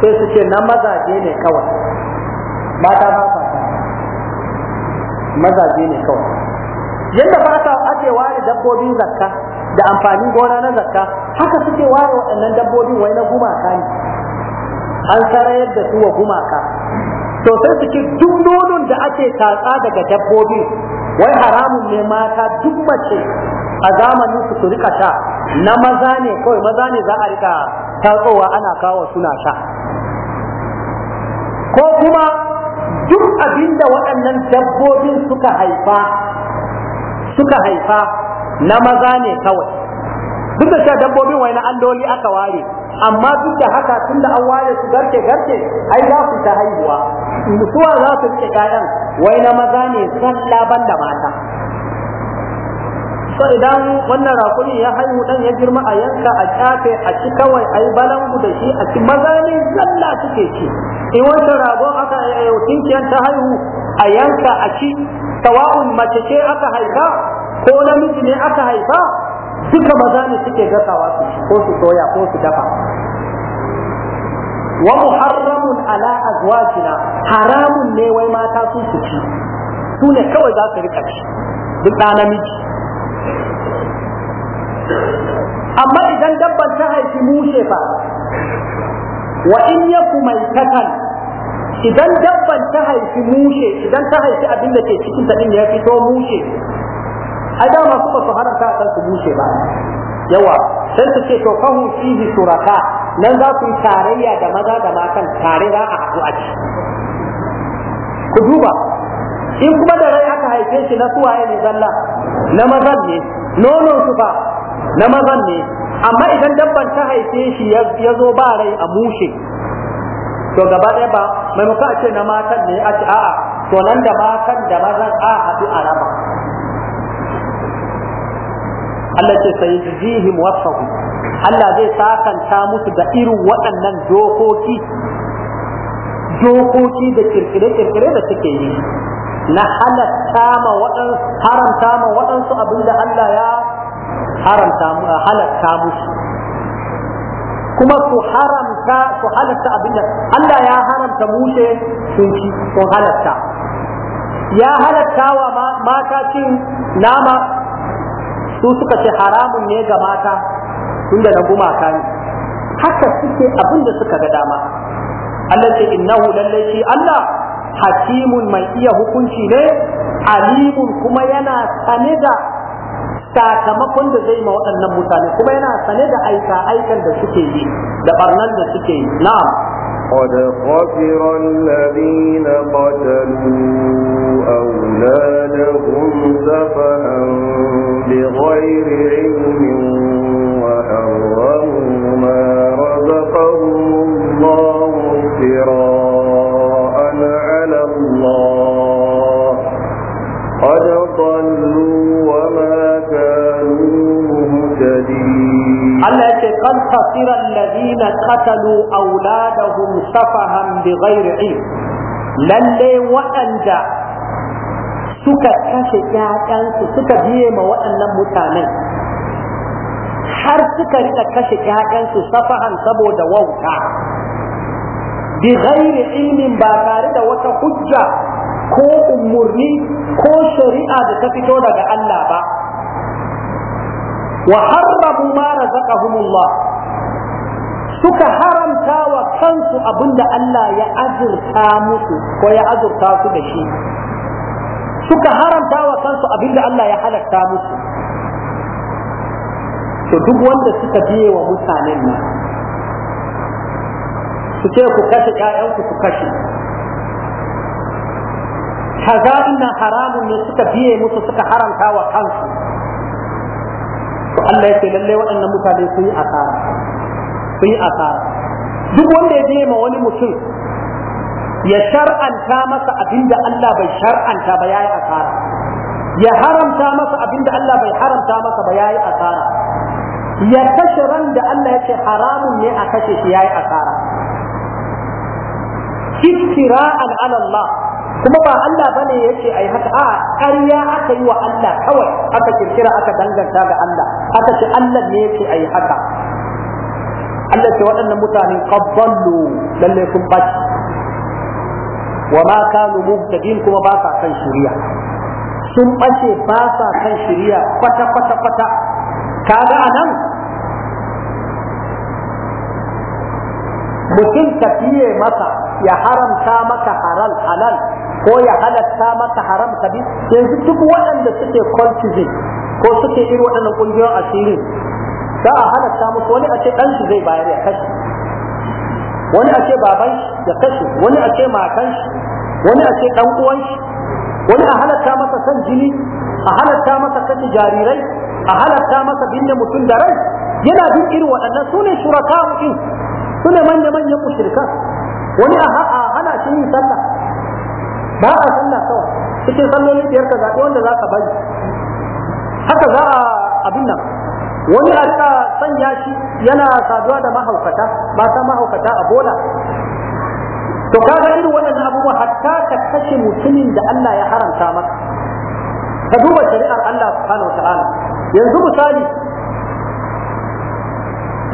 sai su ce na mazaje ne kawai mata ba sa mazaje ne kawai yadda ba sa ake ware dabbobin zakka da amfanin gona na zakka haka suke ware waɗannan dabbobin wai na gumaka ne an sarayar da su wa gumaka to sai su ce duk nonon da ake tatsa daga dabbobin wai haramun ne mata duk mace a zamanin su su rika sha na maza ne kawai maza ne za a rika tatsowa ana kawo suna sha ko kuma duk abinda waɗannan dabbobin suka haifa suka haifa na maza ne kawai duk da sha dabbobin wai na alloli aka ware amma duk da haka tun da an ware su garke garke ai za su ta haihuwa mutuwa za su rike 'ya'yan wai na maza ne zalla laban da mata so idan wannan rakumi ya haihu dan ya girma a yanka a kafe a ci kawai a yi balangu da shi a ci maza ne zalla suke ci in wata ragon aka eh, eh, tinkiyar ta haihu a yanka a ci tawa'un mace ce aka haifa ko namiji ne aka haifa duka maza ne suke gasawa su ko su soya ko su dafa wa muharramun ala azwajina haramun ne wai mata su su ci su ne kawai za su rika ci duk ɗa namiji amma idan dabban ta haifi mushe fa wa in yaku maitatan idan dabban ta haifi mushe idan ta haifi abin da ke cikin ta din ya fito mushe ai da masu ba su a kan su mushe ba yawa sai su ce to fahu fihi suraka nan za su yi tarayya da maza da matan tare za a haɗu a ci ku duba in kuma da rai aka haife shi na suwaye ne zalla na mazan ne nonon su ba na mazan ne amma idan dabban ta haife shi ya zo ba rai a mushe to gaba ɗaya ba maimakon a ce na matan ne a ce a'a to nan da matan da mazan a haɗu a raba Allah ce sai jihim wasahu Allah zai sakanta musu da irin waɗannan dokoki dokoki da kirkire-kirkire da suke yi na halatta ma waɗansu haramta ma waɗansu abinda Allah ya haramta mu halatta musu kuma su haramta su halatta abin da Allah ya haramta mushe sun ci sun halatta ya halatta wa mata cin nama su suka ce haramun ne ga mata tunda na gumaka ne haka suke abin da suka ga dama Allah ce innahu lallai shi Allah hakimun mai iya hukunci ne alimun kuma yana sane da sakamakon da zai ma waɗannan mutane kuma yana sane da aika aikan da suke yi da barnan da suke yi na'am قد خسر الذين قتلوا أولادهم سفها بغير علم وحرموا ما رزقهم الله افتراء خسر الذين قتلوا أولادهم سفها بغير علم lalle waɗanda suka kashe 'ya'yansu suka biye ma waɗannan mutanen har suka rika kashe 'ya'yansu safahan saboda wauta bi ghairi ilmin ba tare da wata hujja ko umarni ko shari'a da ta fito daga Allah ba wa harrabu ma razaqahumullah suka haramta wa kansu abinda Allah ya azurta musu ko ya azurta su da shi suka haramta wa kansu abinda Allah ya halatta musu to duk wanda suka biye wa mutanen nan su ce ku kashe ƴaƴanku ku kashe kaza inna haramun ne suka biye musu suka haramta wa kansu to Allah ya ce lallai waɗannan mutane sun yi asara sun yi asara duk wanda ya je ma wani mutum ya shar'anta masa abinda Allah bai shar'anta ba yayi asara ya haramta masa abinda Allah bai haramta masa ba yayi asara ya kashe ran da Allah ya ce haramun ne a kashe shi yayi asara iftira'an ala Allah kuma ba Allah bane yace ai haka a ƙarya aka yi wa Allah kawai aka kirkira aka danganta ga Allah aka ce Allah ne yace ai haka Allah ce waɗannan mutane qabballu lalle sun baci wa ma ka kanu muhtadin kuma ba sa kan shiriya, sun ɓace ba sa kan shiriya kwata kwata kwata ka kaga anan mutum ka fiye masa ya haramta maka halal halal ko ya halatta maka haram ka bi yanzu duk waɗanda suke cultism ko suke irin waɗannan ƙungiyoyin asiri za a halatta musu wani a ce ɗansu zai bayar ya kashe wani a ce baban shi ya kashe wani a ce matan shi wani a ce ɗan uwan shi wani a halatta masa san jini a halatta masa kashe jarirai a halatta masa binne mutum da rai yana bin irin waɗannan su ne shuraka mutum. su ne manya-manyan mushirka wani a hana shi yin sallah ba a sallah kawai cikin sallolin biyar ka zaɓi wanda za ka bari haka za a abin nan wani a sa sanya shi yana saduwa da mahaukata ta mahaukata a bola to kaga irin waɗannan abubuwa hatta ka kashe mutumin da Allah ya haramta maka ka duba shari'ar Allah subhanahu yanzu misali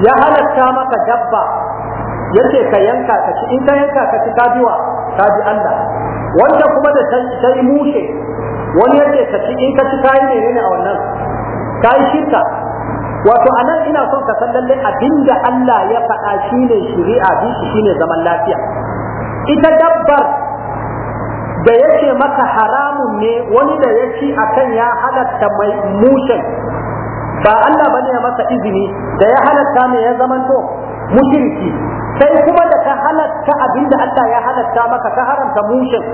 ya halatta maka dabba yace ka yanka ka ci in ka yanka ka ci ka biwa ka Allah wanda kuma da ta mushe wani yace ka ci in ka ci ka yi menene a wannan ka yi shirka wato anan ina son ka san abin abinda Allah ya faɗa shine shari'a shi ne zaman lafiya ita dabbar da yake maka haramun ne wani da ya ci akan ya halatta mai mushin ba Allah bane ya masa izini da ya halatta ne ya zamanto mushriki sai kuma da ka halatta abinda Allah ya halatta maka ka haramta mushin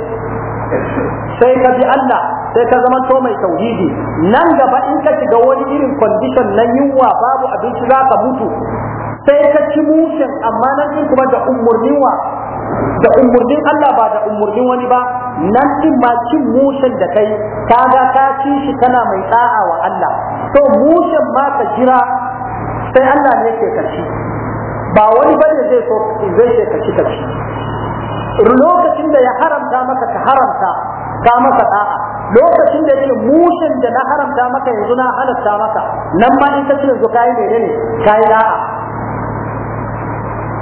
sai ka bi Allah sai ka zama to mai tauhidi nan gaba in ka shiga wani irin condition na yunwa babu abinci za ka mutu sai ka ci mushin amma nan din kuma da umurnin wa da umurnin Allah ba da umurnin wani ba nan din ma cin mushin da kai kaga ka ci shi kana mai da'a wa Allah to mushin ma ka jira sai Allah ne ke karshe ba wani bane zai so zai ce kaci kaci lokacin da ya haramta maka ka haramta ka masa da'a lokacin da yake mushin da na haramta maka yanzu na halatta maka nan ma in kace yanzu kai menene kai da'a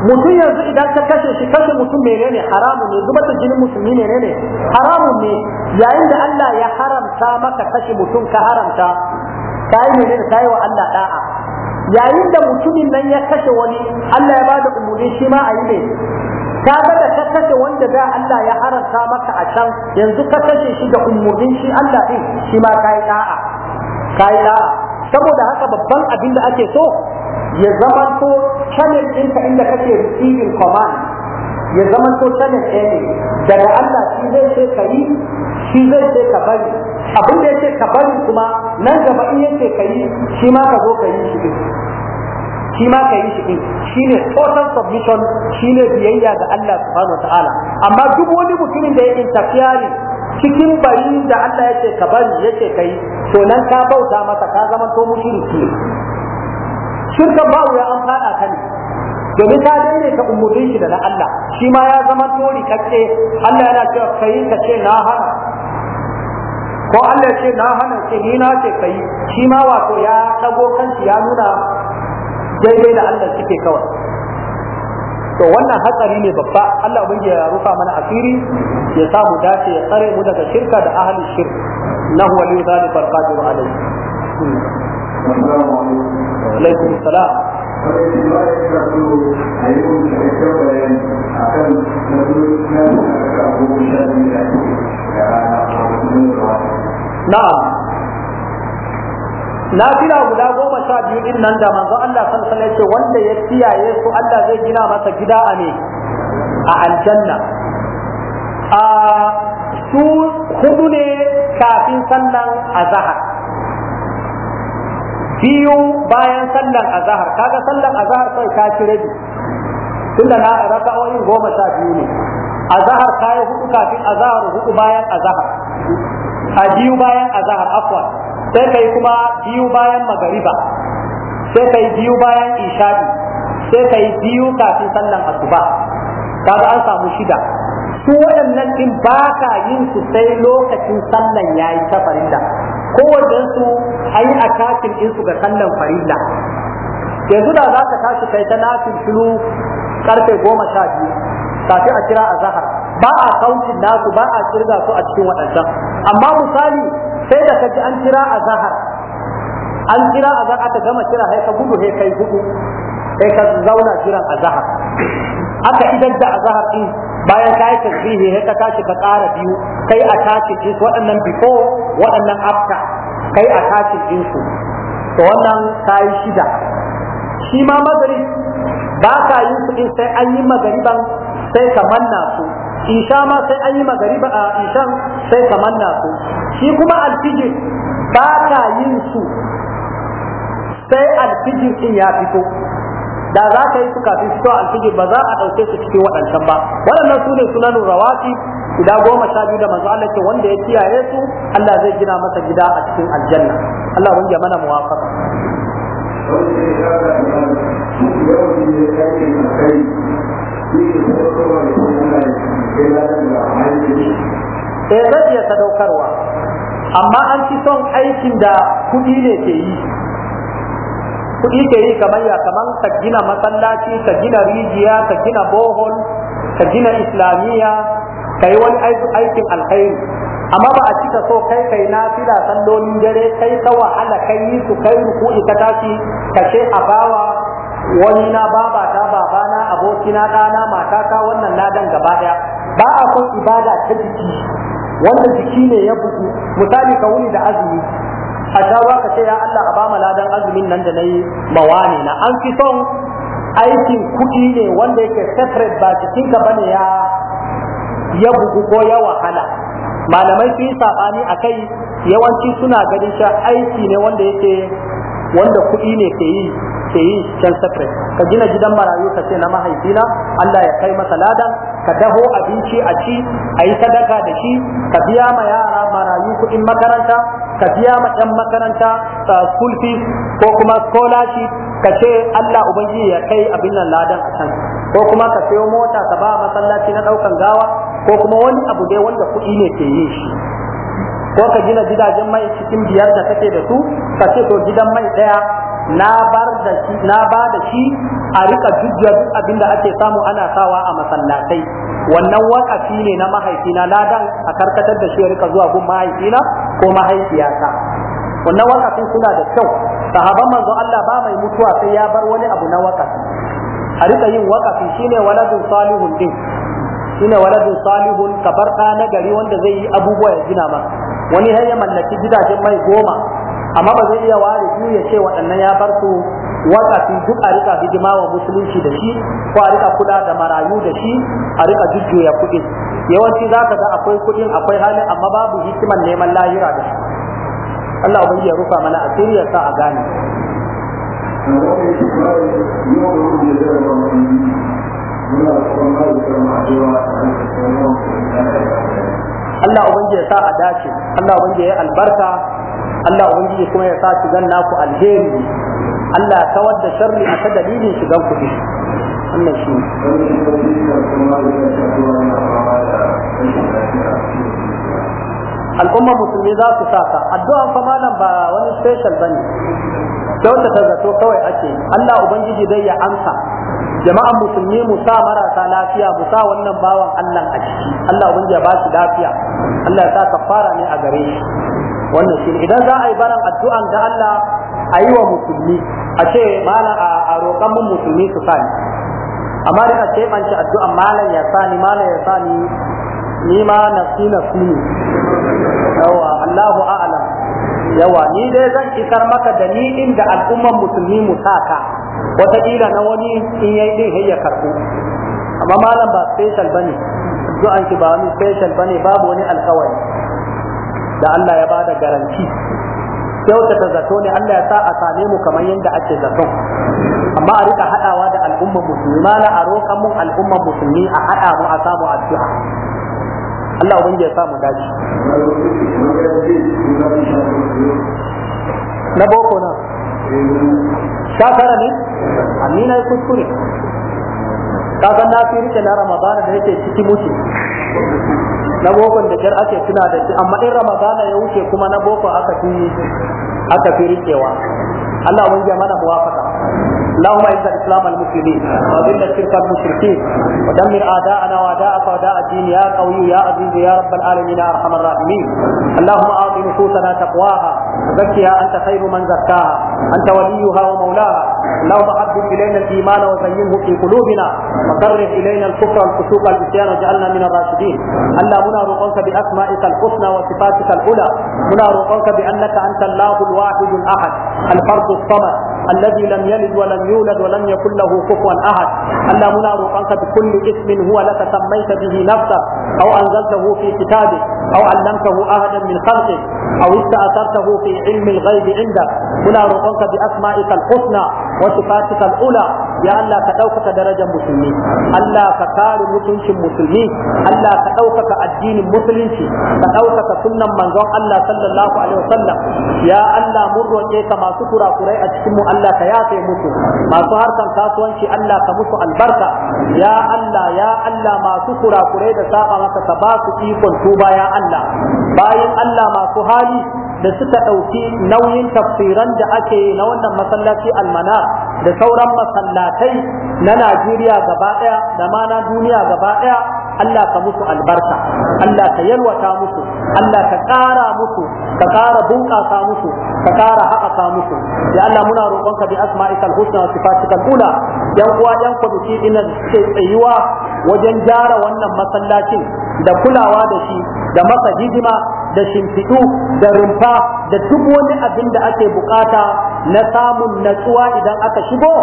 mutum yanzu idan ka kashe shi kashe mutum menene haramun ne zubar da jinin musulmi menene haramun ne yayin da Allah ya haramta maka kashe mutum ka haramta kai ne kai wa Allah da'a yayin da mutumin nan ya kashe wani Allah ya bada umurni shi ma a yi ne ga da ka kashe wanda da Allah ya haramta maka a can yanzu ka kashe shi da umurnin shi Allah din shi ma kai da'a kai da'a saboda haka babban abin da ake so ya zama to channel ɗinka inda kake receiving command ya zama to channel ɗaya daga Allah shi zai ce ka yi shi zai ce ka bari abin da ya ce ka bari kuma nan gaba in ya ce ka yi shi ma ka zo ka yi shi shi ma ka yi shi din ne total submission ne biyayya ga Allah subhanahu ta'ala amma duk wani mutumin da ya interfere cikin bayin da Allah yake ka bari yake kai to nan ka bauta masa ka zama to mushriki shirka ba ya an fada ka ne domin ta daidaita umurnin shi da na Allah shi ma ya zama tori kakke Allah yana cewa kai ka ce na hana ko Allah ce na hana ce ni na ce kai shi ma wato ya dago kanshi ya nuna daidai da Allah suke kawai to wannan hatsari ne babba Allah ubangi ya rufa mana asiri ya samu dace ya tsare mu daga shirka da ahli shirk nahu wali zalika alqadir alayhi alaikum salam na'am nafila guda goma sha biyu din nan da manzo Allah sallallahu alaihi wanda ya kiyaye su Allah zai gina masa gida a ne a aljanna a su hudu ne kafin sallan azhar biyu bayan sallan azhar kaga sallan azhar sai ka ci rabi tunda na raka'o'in goma sha biyu ne azhar kai hudu kafin azhar hudu bayan azhar a biyu bayan azhar afwan sai kai kuma biyu bayan magariba sai kai biyu bayan ishadi, sai kai biyu kafin sallan asuba kaga an samu shida su waɗannan din ba ka yin su sai lokacin sallan yayi ta farilla kowanne su ayi kafin din su ga sallan farilla ke da za ka tashi kai ta nafin shiru karfe goma sha biyu kafin a kira a zahar ba a kauntin nasu ba a kirga su a cikin waɗancan amma misali sai da kaji an kira a zahar an kira a zahar aka gama kira sai ka gudu sai kai gudu sai ka zauna jiran a zahar aka idan da a zahar din bayan ka yi tasbihi sai ka tashi ka tsara biyu kai a tashi jinsu waɗannan before waɗannan after kai a tashi jinsu to wannan ka yi shida shi ma magari ba ka yi kuɗi sai an yi magariban sai ka manna su Isa ma sai an yi ba a isan sai ka manna su shi kuma alfijir ba ka yin su sai alfijir din ya fito da za ka yi su kafin fito alfijir ba za a ɗauke su cikin waɗancan ba waɗannan su ne sunanin rawati guda goma sha biyu da manzo Allah ce wanda ya kiyaye su Allah zai gina masa gida a cikin aljanna Allah wani ya mana muwafaqa E, eh, zai sadaukarwa amma an ci son aikin da kuɗi ne ke yi kuɗi ke yi kamar ya kamar ka gina masallaci ka gina rijiya ka gina bohol ka gina islamiyya ka yi wani aikin alkhairi amma ba a cika so kai kai na fila sallolin dare kai ta wahala kai yi su kai ruku'i ka tashi ka ce a bawa wani na babata. abokina ɗana matata wannan ladan gaba ɗaya ba a son ibada ta jiki wanda jiki ne ya bugu misali ka wuni da azumi a ta ba ka ce ya Allah a bama ladan azumin nan da na yi mawani na an fi son aikin kuɗi ne wanda yake separate ba jikinka bane ya ya bugu ko ya wahala malamai sun yi saɓani a kai yawanci suna ganin sha aiki ne wanda yake wanda kuɗi ne ke yi suke yi can ka gina gidan marayu ka ce na mahaifina Allah ya kai masa ladan ka daho abinci a ci a yi sadaka da shi ka biya ma yara marayu kuɗin makaranta ka biya ma ɗan makaranta uh, school fees ko kuma scholarship ka ce Allah ubangiji ya kai abin nan ladan a can ko kuma ka sayo mota ka ba masallaci na ɗaukan gawa ko kuma wani abu dai wanda kuɗi ne ke yi shi ko ka gina gidajen mai cikin biyar da kake da su ka ce to gidan mai ɗaya na ba da shi a rika jujjuya duk abin da ake samu ana sawa a masallatai wannan wakafi ne na mahaifina ladan a karkatar da shi ya rika zuwa gun mahaifina ko mahaifiyata wannan wakafi suna da kyau sahaban manzo Allah ba mai mutuwa sai ya bar wani abu na wakafi a rika yin wakafi shine waladun salihun din shine waladun salihun kabar ɗa na gari wanda zai yi abubuwa ya gina ma wani har ya mallaki gidajen mai goma amma ba zai iya ware biyu ya ce waɗannan ya bar su wakafi duk a rika hidima wa musulunci da shi ko a rika kula da marayu da shi a rika jujjuya kuɗi yawanci za ka ga akwai kuɗin akwai hali amma babu hikiman neman lahira da shi Allah ubangiji ya rufa mana asiri ya sa a gane Allah ubangiji ya sa a dace Allah ubangiji ya albarka Allah ubangiji kuma ya sa ganna ku alheri Allah ta wadda sharri a ta dalilin shigan ganku ne wannan shi al'umma musulmi za su saka addu'a fa malam ba wani special bane ta wanda ta zato kawai ake Allah ubangiji dai ya amsa Jama'a musulmi mu sa marasa lafiya mu sa wannan bawan Allah a ciki Allah ubangiji ya ba lafiya Allah ya sa kafara ne a gare shi wannan shi idan za a yi baran addu'an da Allah a yi wa musulmi a ce mana a roƙan mun musulmi su sa ni amma da a keɓance addu'an malam ya sa ni malam ya sa ni ni ma na fi ne yawa Allahu a'lam yawa ni dai zan isar maka da ni inda al'umman musulmi mu sa ka wataƙila na wani in yayi din hayya karɓu amma malam ba special bane zuwan ki ba wani special bane babu wani alƙawari da Allah ya bada garanti kyautata zato ne Allah ya sa a same mu kamar yadda ake zato, amma a rika haɗawa da al'umma musulmi mala a roƙan mun al'umma musulmi a haɗa mu a samu addu'a Allah ubangiji ya samu dace na boko na shafara ne amina ya kuskure ka na fi rike na ramadana da yake ciki mutu na bokon da kyar ake tuna da shi amma in ramadana ya wuce kuma na boko aka aka fi rikewa الله من mana موافقة اللهم اعز الاسلام المسلمين واذل الشرك المشركين ودمر اعداءنا واعداءك واعداء الدين يا قوي يا عزيز يا رب العالمين يا ارحم الراحمين اللهم اعط نفوسنا تقواها وزكها انت خير من زكاها انت وليها ومولاها اللهم حبب إلينا الإيمان وزينه في قلوبنا وقرب إلينا الكفر والفسوق والعصيان واجعلنا من الراشدين ألا منا رقوك بأسمائك الحسنى وصفاتك العلى منا رقوك بأنك أنت الله الواحد الأحد الفرد الصمد الذي لم يلد ولم يولد ولم يكن له كفوا احد الا هنا نرقاك بكل اسم هو لك سميت به نفسك او انزلته في كتابك او علمته احدا من خلقك او استاثرته في علم الغيب عندك ونرقاك باسمائك الحسنى wasu fatikan ula ya Allah ka ɗaukaka darajar musulmi Allah ka kare mutuncin musulmi Allah ka ɗaukaka addinin musulunci ka ɗaukaka sunnan manzon Allah sallallahu alaihi wasallam ya Allah mun roƙe ka masu kurakurai a cikin mu Allah ka yafe musu masu harkan kasuwanci Allah ka musu albarka ya Allah ya Allah masu kurakurai da saba maka ka basu su ikon tuba ya Allah bayan Allah masu hali da suka ɗauki nauyin tafsiran da ake na wannan masallaci almana da sauran masallatai na Najeriya gaba ɗaya da ma na duniya gaba ɗaya Allah ka musu albarka Allah ka yalwata musu Allah ka ƙara musu ka ƙara bunƙasa musu ka ƙara haɓaka musu ya Allah muna roƙonka bi asma'ikal husna wa sifatikal ula yan uwa yan kwamiti ina ke tsayuwa wajen gyara wannan masallacin da kulawa da shi da masa hidima da shimfiɗu da rumfa da duk wani abin da ake bukata na samun natsuwa idan aka shigo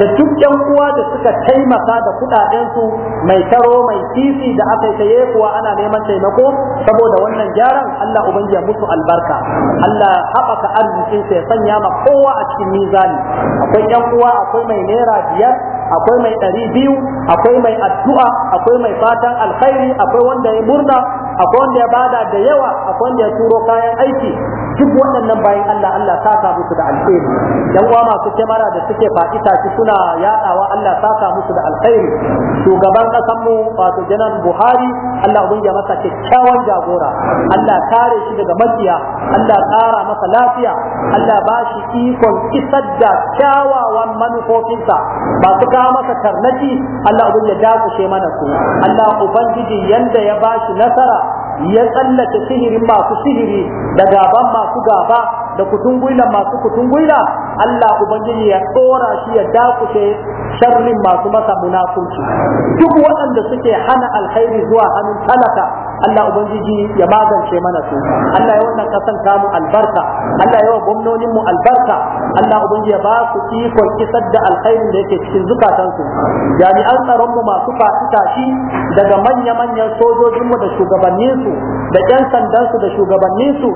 da duk yan uwa da suka taimaka da kuɗaɗensu mai taro mai titi da aka yi kuwa ana neman taimako saboda wannan gyaran Allah ya musu albarka Allah haɓaka arzikin sai sanya ma kowa a cikin mizani akwai yan uwa akwai mai naira biyar akwai mai ɗari biyu akwai mai addu'a akwai mai fatan alkhairi akwai wanda ya murna akwai wanda ya bada da yawa akwai wanda ya turo kayan aiki duk waɗannan bayan Allah Allah saka musu da alheri yan uwa masu kyamara da suke faɗi tashi suna yaɗawa Allah saka musu da alheri shugaban ƙasar mu wato janar Buhari Allah ya masa kyakkyawan jagora Allah kare shi daga makiya Allah ƙara masa lafiya Allah ba shi ikon isar da kyawawan manufofinsa ba su kawo masa karnaki, Allah ubangiji ya dakushe mana su Allah ubangiji yanda ya ba shi nasara ya tsallake sihirin masu sihiri da gaban masu gaba da kutungwila masu kutungwila Allah ubangiji ya tsora shi ya dakushe sharrin masu masa munafurci duk waɗanda suke hana alkhairi zuwa hannun talaka Allah ubangiji ya magance mana su Allah ya wannan kasan mu albarka Allah ya wa gwamnonin mu albarka Allah ubangiji ya ba su ikon kisar da alkhairin da yake cikin zukatansu jami'an tsaron mu masu fa'ita shi daga manya-manyan sojojin mu da shugabanninsu da 'yan sandansu da shugabanninsu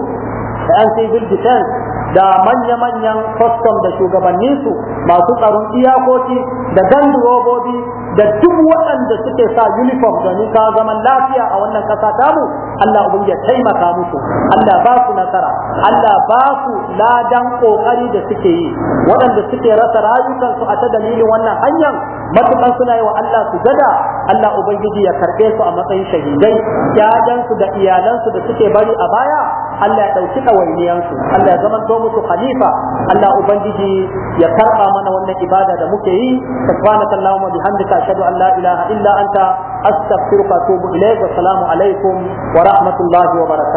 da 'yan civil defense da manya-manyan custom da shugabannin su masu tsaron iyakoki da dandurobobi da duk waɗanda suke sa uniform domin ka zaman lafiya a wannan ƙasa tamu Allah ubun ya taimaka musu Allah ba su nasara Allah ba su ladan ƙoƙari da suke yi waɗanda suke rasa rayukansu a ta dalilin wannan hanyar matuƙan suna yi wa Allah su gada Allah ubangiji ya karɓe su a matsayin shahidai ƴaƴansu da iyalansu da suke bari a baya Allah ya ɗauki ɗawainiyansu Allah ya zamanto musu khalifa Allah ubangiji ya karɓa mana wannan ibada da muke yi subhanaka allahumma bihamdika ashhadu an la ilaha illa anta astaghfiruka wa atubu ilayk wa assalamu alaikum wa rahmatullahi wa barakatuh